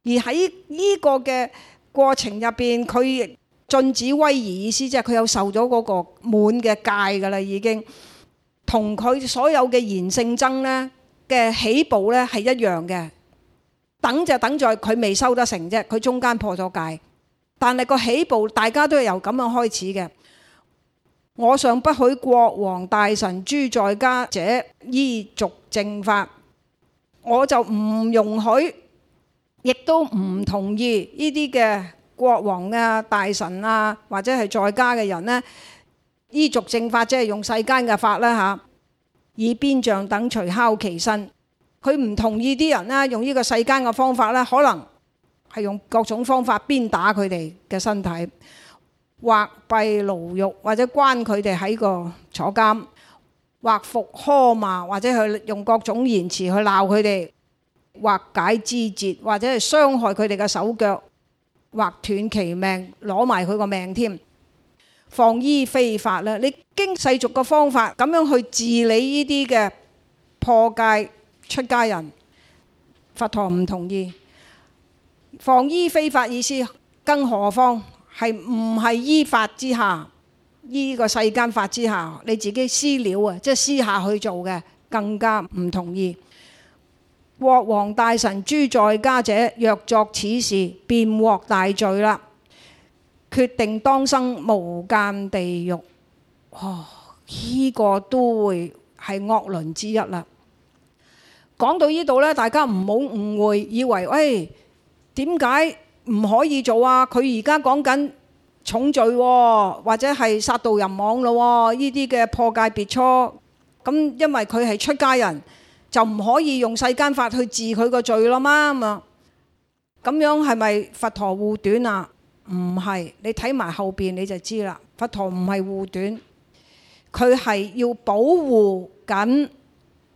而喺呢個嘅過程入面，佢進止威儀意思即係佢有受咗嗰個滿嘅戒噶啦，已經同佢所有嘅賢聖僧咧嘅起步咧係一樣嘅。等就等在佢未修得成啫，佢中間破咗戒，但係個起步大家都係由咁樣開始嘅。我尚不許國王大臣諸在家者依俗正法，我就唔容許，亦都唔同意呢啲嘅國王啊、大臣啊，或者係在家嘅人呢，依俗正法即係用世間嘅法啦吓，以鞭杖等捶拷其身。佢唔同意啲人咧用呢個世間嘅方法呢，可能係用各種方法鞭打佢哋嘅身體。或閉牢獄，或者關佢哋喺個坐監，或復呵罵，或者去用各種言辭去鬧佢哋，或解肢節，或者係傷害佢哋嘅手腳，或斷其命，攞埋佢個命添。況依非法啦，你經世俗嘅方法咁樣去治理呢啲嘅破戒出家人，佛陀唔同意。況依非法意思，更何況？係唔係依法之下？呢個世間法之下，你自己私了啊，即係私下去做嘅，更加唔同意。國王大臣諸在家者，若作此事，便獲大罪啦。決定當生無間地獄。哇、哦！呢個都會係惡輪之一啦。講到呢度呢，大家唔好誤會，以為喂，哎，點解？唔可以做啊！佢而家講緊重罪，或者係殺盜淫妄咯，呢啲嘅破戒苾芻。咁因為佢係出家人，就唔可以用世間法去治佢個罪啦嘛。咁樣係咪佛陀護短啊？唔係，你睇埋後邊你就知啦。佛陀唔係護短，佢係要保護緊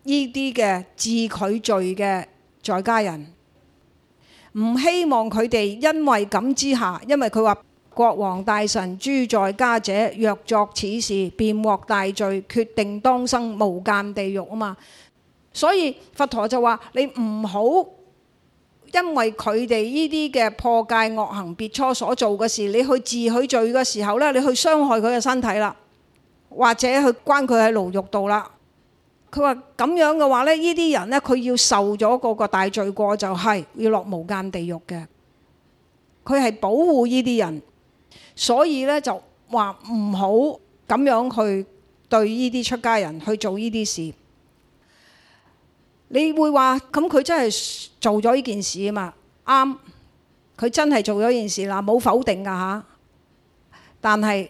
呢啲嘅治佢罪嘅在家人。唔希望佢哋因為咁之下，因為佢話國王大臣諸在家者若作此事，便獲大罪，決定當生無間地獄啊嘛。所以佛陀就話：你唔好因為佢哋呢啲嘅破戒惡行苾芻所做嘅事，你去自許罪嘅時候呢，你去傷害佢嘅身體啦，或者去關佢喺牢獄度啦。佢話咁樣嘅話呢，呢啲人呢，佢要受咗嗰個大罪過，就係，就係要落無間地獄嘅。佢係保護呢啲人，所以呢，就話唔好咁樣去對呢啲出家人去做呢啲事。你會話咁佢真係做咗呢件事啊嘛？啱，佢真係做咗件事啦，冇否定噶吓。但係。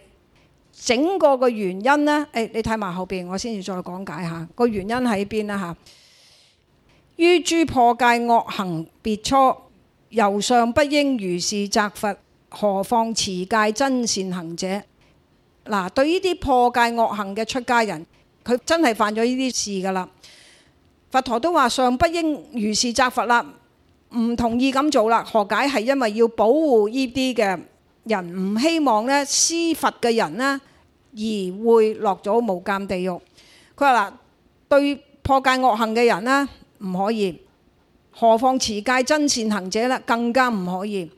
整個個原因呢，誒、哎，你睇埋後邊，我先至再講解一下個原因喺邊啦嚇。於諸破戒惡行苾芻，猶尚不應如是讁罰，何況持戒真善行者？嗱，對呢啲破戒惡行嘅出家人，佢真係犯咗呢啲事噶啦。佛陀都話尚不應如是讁罰啦，唔同意咁做啦。何解？係因為要保護呢啲嘅人，唔希望呢施佛嘅人呢？而會落咗無間地獄。佢話啦：對破戒惡行嘅人咧，唔可以；何況持戒真善行者咧，更加唔可以。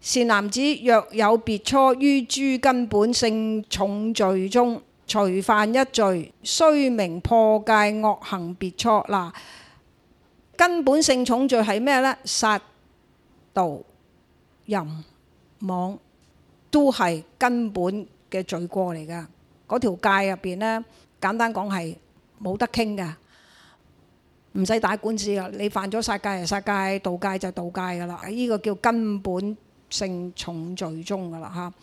善男子，若有苾芻於諸根本性重罪中，隨犯一罪，雖名破戒惡行苾芻，嗱，根本性重罪係咩咧？殺、盜、淫、妄，都係根本。嘅罪過嚟噶，嗰條界入邊呢，簡單講係冇得傾噶，唔使打官司啊！你犯咗殺戒就殺戒、盜戒就盜戒噶啦，呢個叫根本性重罪中噶啦嚇。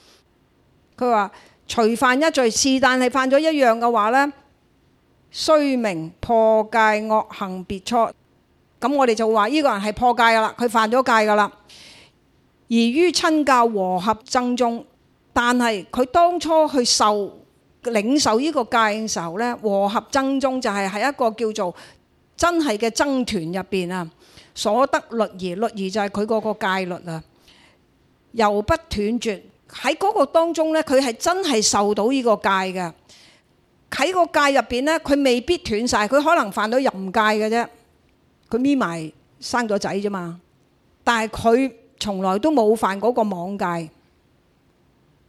佢話：隨犯一罪是，但係犯咗一樣嘅話呢，雖名破戒惡行苾芻，咁我哋就話呢個人係破戒噶啦，佢犯咗戒噶啦。而於親教和合僧中。但係佢當初去受領受呢個戒嘅時候呢，和合僧中就係喺一個叫做真係嘅僧團入邊啊，所得律儀，律儀就係佢嗰個戒律啊，猶不斷絕，喺嗰個當中呢，佢係真係受到呢個戒嘅，喺個戒入邊呢佢未必斷晒，佢可能犯到淫戒嘅啫，佢搣埋生咗仔啫嘛，但係佢從來都冇犯嗰個妄戒。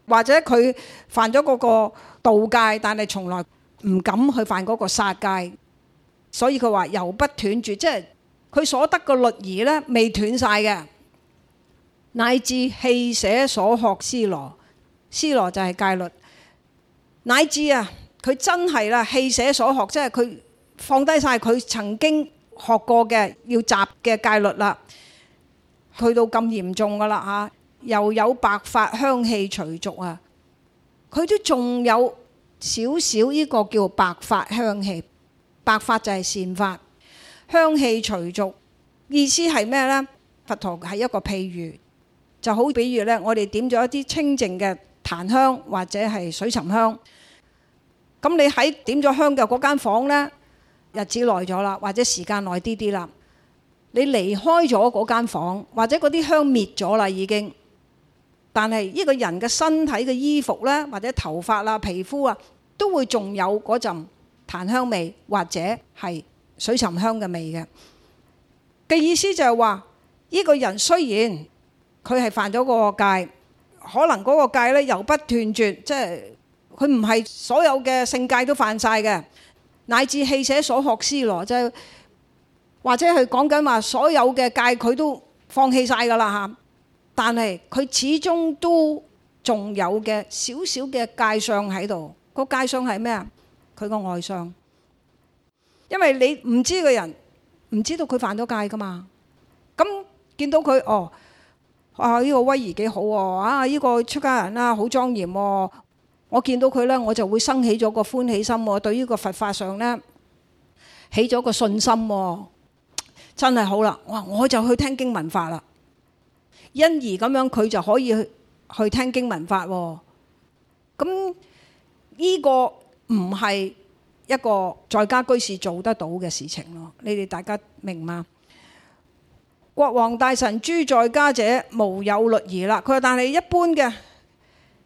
或者佢犯咗嗰個盜戒，但係從來唔敢去犯嗰個殺戒，所以佢話猶不斷絕，即係佢所得個律儀呢，未斷晒嘅，乃至棄捨所學尸羅，尸羅就係戒律，乃至啊佢真係啦棄捨所學，即係佢放低晒佢曾經學過嘅要習嘅戒律啦，去到咁嚴重噶啦嚇。又有白法香氣隨逐啊！佢都仲有少少呢個叫白法香氣。白法就係善法，香氣隨逐意思係咩呢？佛陀係一個譬如，就好比如呢，我哋點咗一啲清淨嘅檀香或者係水沉香。咁你喺點咗香嘅嗰間房呢，日子耐咗啦，或者時間耐啲啲啦，你離開咗嗰間房，或者嗰啲香滅咗啦，已經。但係呢個人嘅身體嘅衣服咧，或者頭髮啦、皮膚啊，都會仲有嗰陣檀香味，或者係水沉香嘅味嘅。嘅意思就係話，呢個人雖然佢係犯咗個戒，可能嗰個戒呢猶不斷絕，即係佢唔係所有嘅性戒都犯晒嘅，乃至棄捨所學尸羅，就或者係講緊話所有嘅戒佢都放棄晒㗎啦嚇。但係佢始終都仲有嘅少少嘅戒相喺度。個戒相係咩啊？佢個外相，因為你唔知個人唔知道佢犯咗戒噶嘛。咁見到佢哦，啊呢、這個威儀幾好啊，呢、啊這個出家人啦好莊嚴、啊。我見到佢呢，我就會生起咗個歡喜心、啊，對於個佛法上呢，起咗個信心、啊，真係好啦。哇，我就去聽經聞法啦。因而咁樣佢就可以去聽經聞法喎，咁呢個唔係一個在家居士做得到嘅事情咯。你哋大家明嗎？國王大臣諸在家者無有律儀啦。佢話：但係一般嘅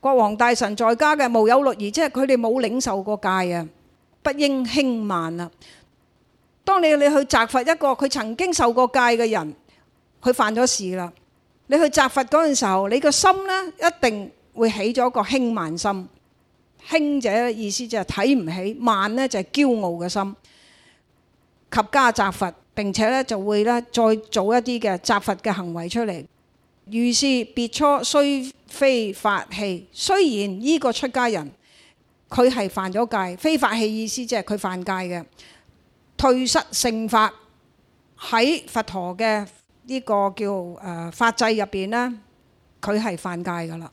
國王大臣在家嘅無有律儀，即係佢哋冇領受過戒啊，不應輕慢啦。當你你去責罰一個佢曾經受過戒嘅人，佢犯咗事啦。你去讁罰嗰陣時候，你個心呢，一定會起咗個輕慢心，輕者意思就係睇唔起，慢呢就係驕傲嘅心，及加讁罰，並且呢就會呢，再做一啲嘅讁罰嘅行為出嚟。如是苾芻雖非法器，雖然呢個出家人佢係犯咗戒，非法器意思即係佢犯戒嘅，退失聖法喺佛陀嘅。呢、這個叫誒法制入邊呢，佢係犯戒噶啦。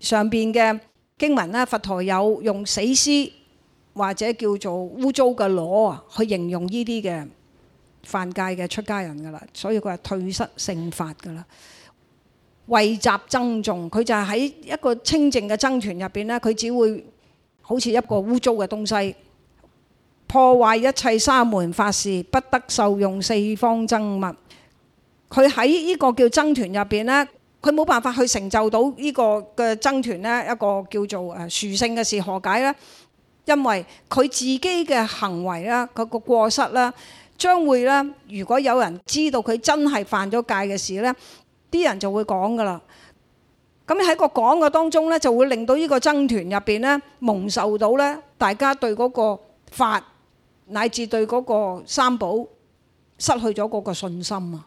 上邊嘅經文呢，佛陀有用死屍或者叫做污糟嘅，攞去形容呢啲嘅犯戒嘅出家人噶啦，所以佢係退失聖法噶啦。穢雜清眾，佢就喺一個清淨嘅僧團入邊呢，佢只會好似一個污糟嘅東西，破壞一切沙門法事，不得受用四方僧物。佢喺呢個叫僧團入邊咧，佢冇辦法去成就到呢個嘅僧團咧一個叫做誒殊勝嘅事，何解咧？因為佢自己嘅行為啦、佢個過失啦，將會咧，如果有人知道佢真係犯咗戒嘅事咧，啲人就會講噶啦。咁喺個講嘅當中咧，就會令到呢個僧團入邊咧蒙受到咧大家對嗰個法乃至對嗰個三寶失去咗嗰個信心啊！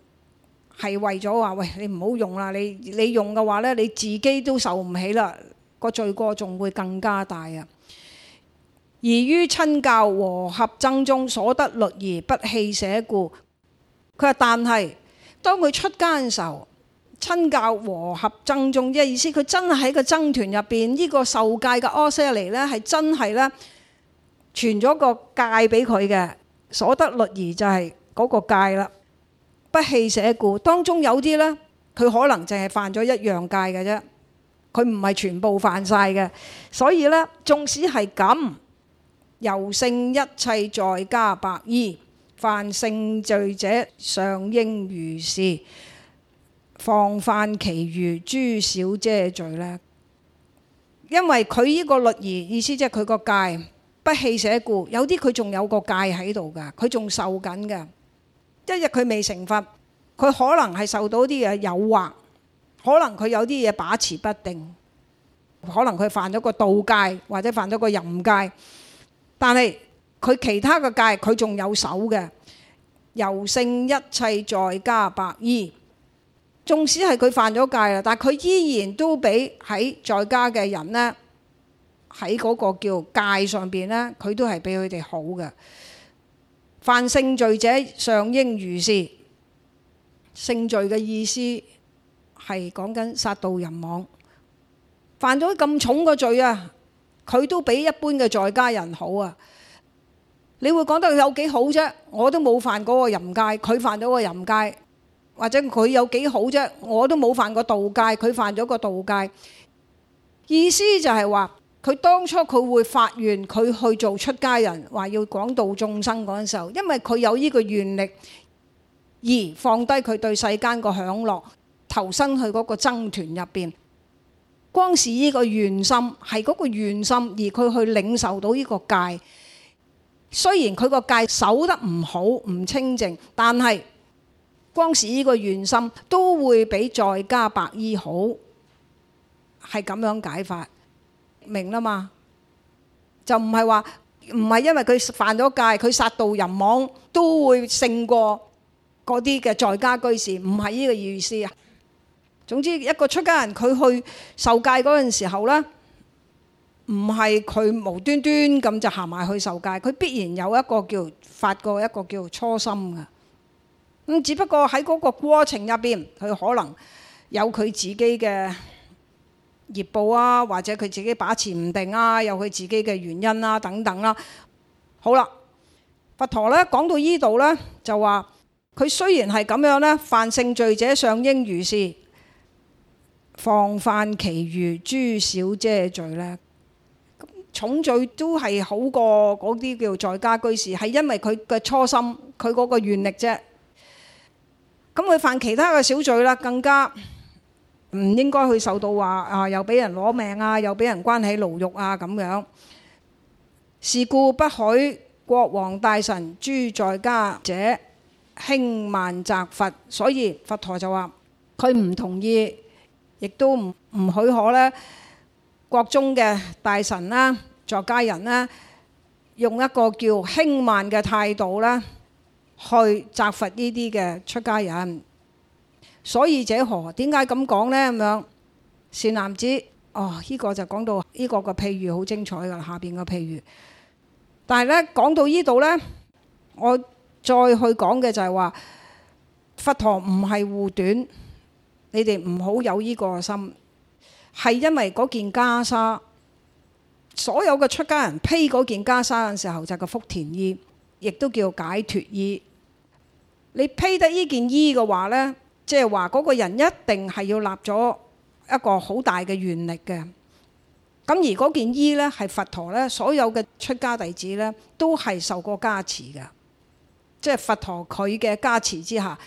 係為咗話，喂，你唔好用啦！你你用嘅話呢，你自己都受唔起啦，個罪過仲會更加大啊！而於親教和合僧中所得律儀不棄捨故，佢話：但係當佢出家嘅時候，親教和合僧中即係意思，佢真係喺個僧團入邊，呢個受戒嘅阿闍梨呢，係真係呢，傳咗個戒俾佢嘅所得律儀就係嗰個戒啦。不棄捨故，當中有啲呢，佢可能淨係犯咗一樣戒嘅啫，佢唔係全部犯晒嘅。所以呢，縱使係咁，猶勝一切在家白衣犯性罪者，尚應如是，況犯其餘諸小遮罪呢。因為佢呢個律儀意思他的界，即係佢個戒不棄捨故，有啲佢仲有個戒喺度噶，佢仲受緊嘅。一日佢未成佛，佢可能係受到啲嘢誘惑，可能佢有啲嘢把持不定，可能佢犯咗個盜戒或者犯咗個淫戒，但係佢其他嘅戒佢仲有守嘅，猶勝一切在家白衣，縱使係佢犯咗戒啦，但係佢依然都比喺在，在家嘅人呢，喺嗰個叫戒上邊呢，佢都係比佢哋好嘅。犯性罪者尚應如是，性罪嘅意思係講緊殺盜淫妄。犯咗咁重嘅罪啊，佢都比一般嘅在家人好啊。你會講得有幾好啫？我都冇犯嗰個淫戒，佢犯咗個淫戒；或者佢有幾好啫？我都冇犯過盜戒，佢犯咗個盜戒。意思就係話。佢當初佢會發願，佢去做出家人，話要廣度眾生嗰陣時候，因為佢有呢個願力，而放低佢對世間個享樂，投身去嗰個僧團入邊。光是依個願心，係嗰個願心，而佢去領受到呢個戒。雖然佢個戒守得唔好、唔清淨，但係光是依個願心，都會比在家白衣好。係咁樣解法。明啦嘛，就唔係話，唔係因為佢犯咗戒，佢殺盜婬妄，都會勝過嗰啲嘅在家居士，唔係呢個意思。總之一個出家人佢去受戒嗰陣時候呢，唔係佢無端端咁就行埋去受戒，佢必然有一個叫發過一個叫初心噶。咁只不過喺嗰個過程入邊，佢可能有佢自己嘅。業報啊，或者佢自己把持唔定啊，有佢自己嘅原因啊等等啦。好啦，佛陀呢講到呢度呢，就話佢雖然係咁樣呢，犯性罪者尚應如是，況犯其餘諸小遮罪呢。重罪都係好過嗰啲叫在家居士，係因為佢嘅初心，佢嗰個願力啫。咁佢犯其他嘅小罪啦，更加。唔應該去受到話啊，又俾人攞命啊，又俾人關喺牢獄啊咁樣，是故不許國王大臣諸在家者輕慢責罰。所以佛陀就話佢唔同意，亦都唔唔許可咧國中嘅大臣啦、在家人啦，用一個叫輕慢嘅態度啦，去責罰呢啲嘅出家人。所以者何，為何這何，點解咁講呢？咁樣善男子，哦，呢、這個就講到呢個個譬喻好精彩噶。下邊個譬喻，但係咧講到呢度呢，我再去講嘅就係話，佛陀唔係護短，你哋唔好有呢個心，係因為嗰件袈裟，所有嘅出家人披嗰件袈裟嘅時候，就係個福田衣，亦都叫解脫衣。你披得呢件衣嘅話呢。即係話嗰個人一定係要立咗一個好大嘅願力嘅，咁而嗰件衣呢，係佛陀呢所有嘅出家弟子呢都係受過加持嘅，即係佛陀佢嘅加持之下，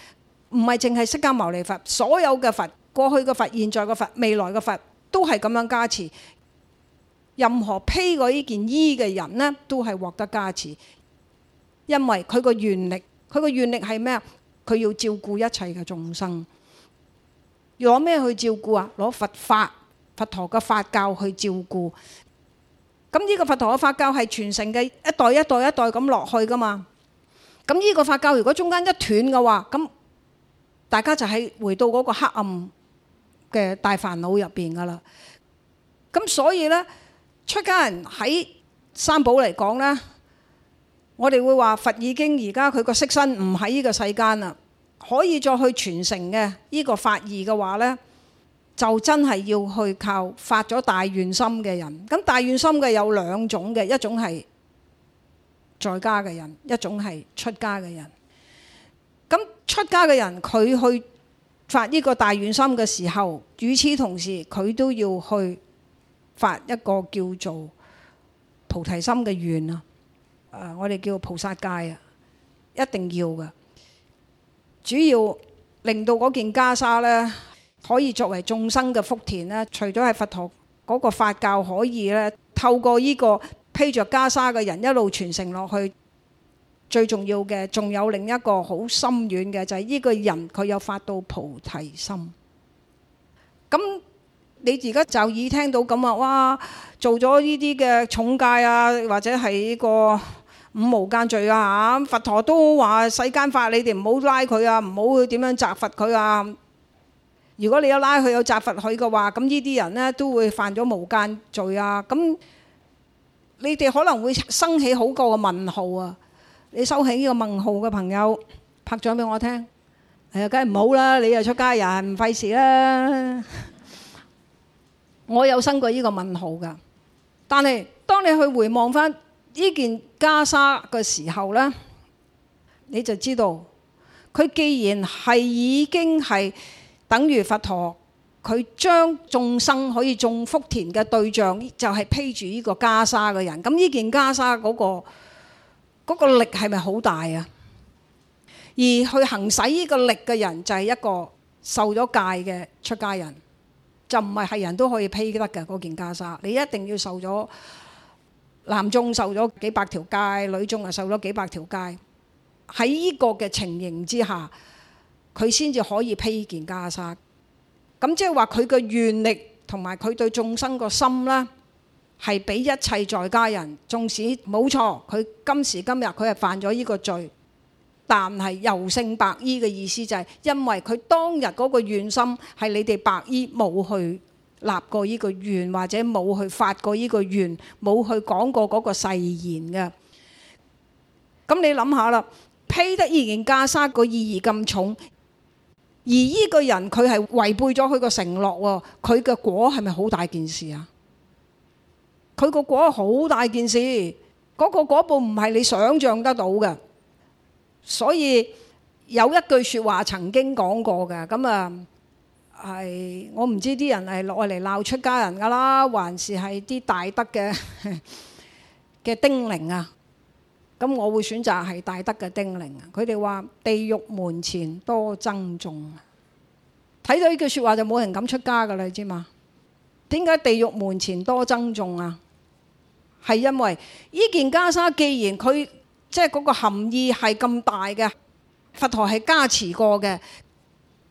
唔係淨係釋迦牟尼佛，所有嘅佛，過去嘅佛，現在嘅佛，未來嘅佛，都係咁樣加持。任何披過呢件衣嘅人呢，都係獲得加持，因為佢個願力，佢個願力係咩啊？佢要照顧一切嘅眾生，攞咩去照顧啊？攞佛法、佛陀嘅法教去照顧。咁呢個佛陀嘅法教係傳承嘅一代一代一代咁落去㗎嘛？咁呢個法教如果中間一斷嘅話，咁大家就係回到嗰個黑暗嘅大煩惱入邊㗎喇。咁所以呢，出家人喺三寶嚟講呢，我哋會話佛已經而家佢個色身唔喺呢個世間啦，可以再去傳承嘅呢個法義嘅話呢，就真係要去靠發咗大願心嘅人。咁大願心嘅有兩種嘅，一種係在家嘅人，一種係出家嘅人。咁出家嘅人佢去發呢個大願心嘅時候，與此同時佢都要去發一個叫做菩提心嘅願啊！誒，我哋叫菩薩戒啊，一定要㗎。主要令到嗰件袈裟呢，可以作為眾生嘅福田呢，除咗喺佛陀嗰個法教可以呢，透過呢個披着袈裟嘅人一路傳承落去，最重要嘅仲有另一個好深遠嘅，就係呢個人佢有發到菩提心。咁你而家就已聽到咁啊！哇，做咗呢啲嘅重戒啊，或者係呢個。五無間罪啊！嚇，佛陀都話世間法，你哋唔好拉佢啊，唔好去點樣責罰佢啊！如果你有拉佢有責罰佢嘅話，咁呢啲人呢，都會犯咗無間罪啊！咁你哋可能會生起好過個問號啊！你收起呢個問號嘅朋友，拍掌俾我聽。係梗係唔好啦！你又出家人，唔費事啦。我有生過呢個問號噶，但係當你去回望翻。呢件袈裟嘅時候呢，你就知道佢既然係已經係等於佛陀，佢將眾生可以種福田嘅對象，就係披住呢個袈裟嘅人。咁呢件袈裟嗰個嗰個力係咪好大啊？而去行使呢個力嘅人就係一個受咗戒嘅出家人，就唔係係人都可以披得嘅嗰件袈裟。你一定要受咗。男眾受咗幾百條戒，女眾啊受咗幾百條戒。喺呢個嘅情形之下，佢先至可以披件袈裟。咁即係話佢嘅願力同埋佢對眾生個心呢，係比一切在家人。縱使冇錯，佢今時今日佢係犯咗呢個罪，但係又勝白衣嘅意思就係因為佢當日嗰個願心係你哋白衣冇去。立過依個願或者冇去發過依個願，冇去講過嗰個誓言嘅。咁你諗下啦，披得依件袈裟個意義咁重，而依個人佢係違背咗佢個承諾喎，佢嘅果係咪好大件事啊？佢個果好大件事，嗰、那個果報唔係你想象得到嘅。所以有一句説話曾經講過嘅，咁啊。係我唔知啲人係落嚟鬧出家人噶啦，還是係啲大德嘅嘅 叮嚀啊？咁我會選擇係大德嘅叮嚀啊！佢哋話：地獄門前多爭眾，睇到呢句説話就冇人敢出家噶啦，你知嘛？點解地獄門前多爭眾啊？係因為呢件袈裟，既然佢即係嗰個含義係咁大嘅，佛陀係加持過嘅。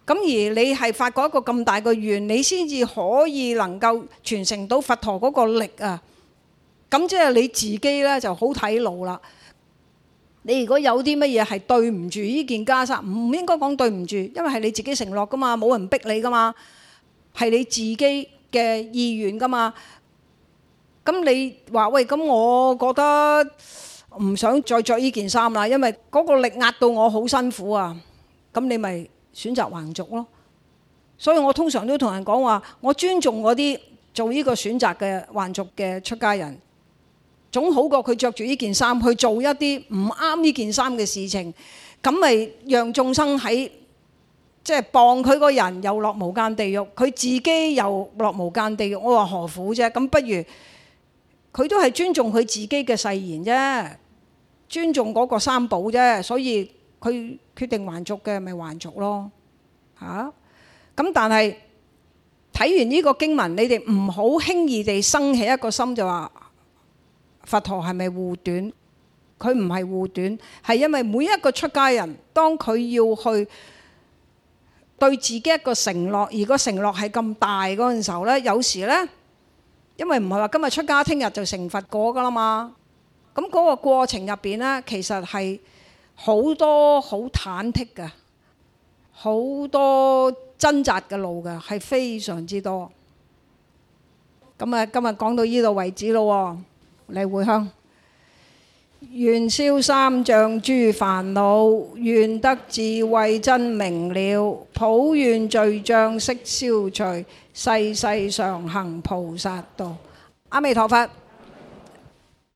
咁而你係發覺一個咁大嘅願，你先至可以能夠傳承到佛陀嗰個力啊！咁即係你自己咧就好睇路啦。你如果有啲乜嘢係對唔住呢件袈裟，唔應該講對唔住，因為係你自己承諾噶嘛，冇人逼你噶嘛，係你自己嘅意願噶嘛。咁你話喂，咁我覺得唔想再著呢件衫啦，因為嗰個力壓到我好辛苦啊。咁你咪選擇還俗咯，所以我通常都同人講話，我尊重嗰啲做呢個選擇嘅還俗嘅出家人，總好過佢着住呢件衫去做一啲唔啱呢件衫嘅事情，咁咪讓眾生喺即係傍佢個人又落無間地獄，佢自己又落無間地獄。我話何苦啫？咁不如佢都係尊重佢自己嘅誓言啫，尊重嗰個三寶啫，所以。佢決定還俗嘅咪還俗咯。嚇，咁，但係睇完呢個經文，你哋唔好輕易地生起一個心就話佛陀係咪護短？佢唔係護短，係因為每一個出家人，當佢要去對自己一個承諾，而個承諾係咁大嗰陣時候呢，有時呢，因為唔係話今日出家，聽日就成佛果噶啦嘛，咁嗰個過程入邊呢，其實係。好多好忐忑嘅，好多掙扎嘅路嘅，係非常之多。咁啊，今日講到呢度為止咯。嚟回向，願消三障諸煩惱，願得智慧真明了，普願罪障悉消除，世世常行菩薩道。阿彌陀佛。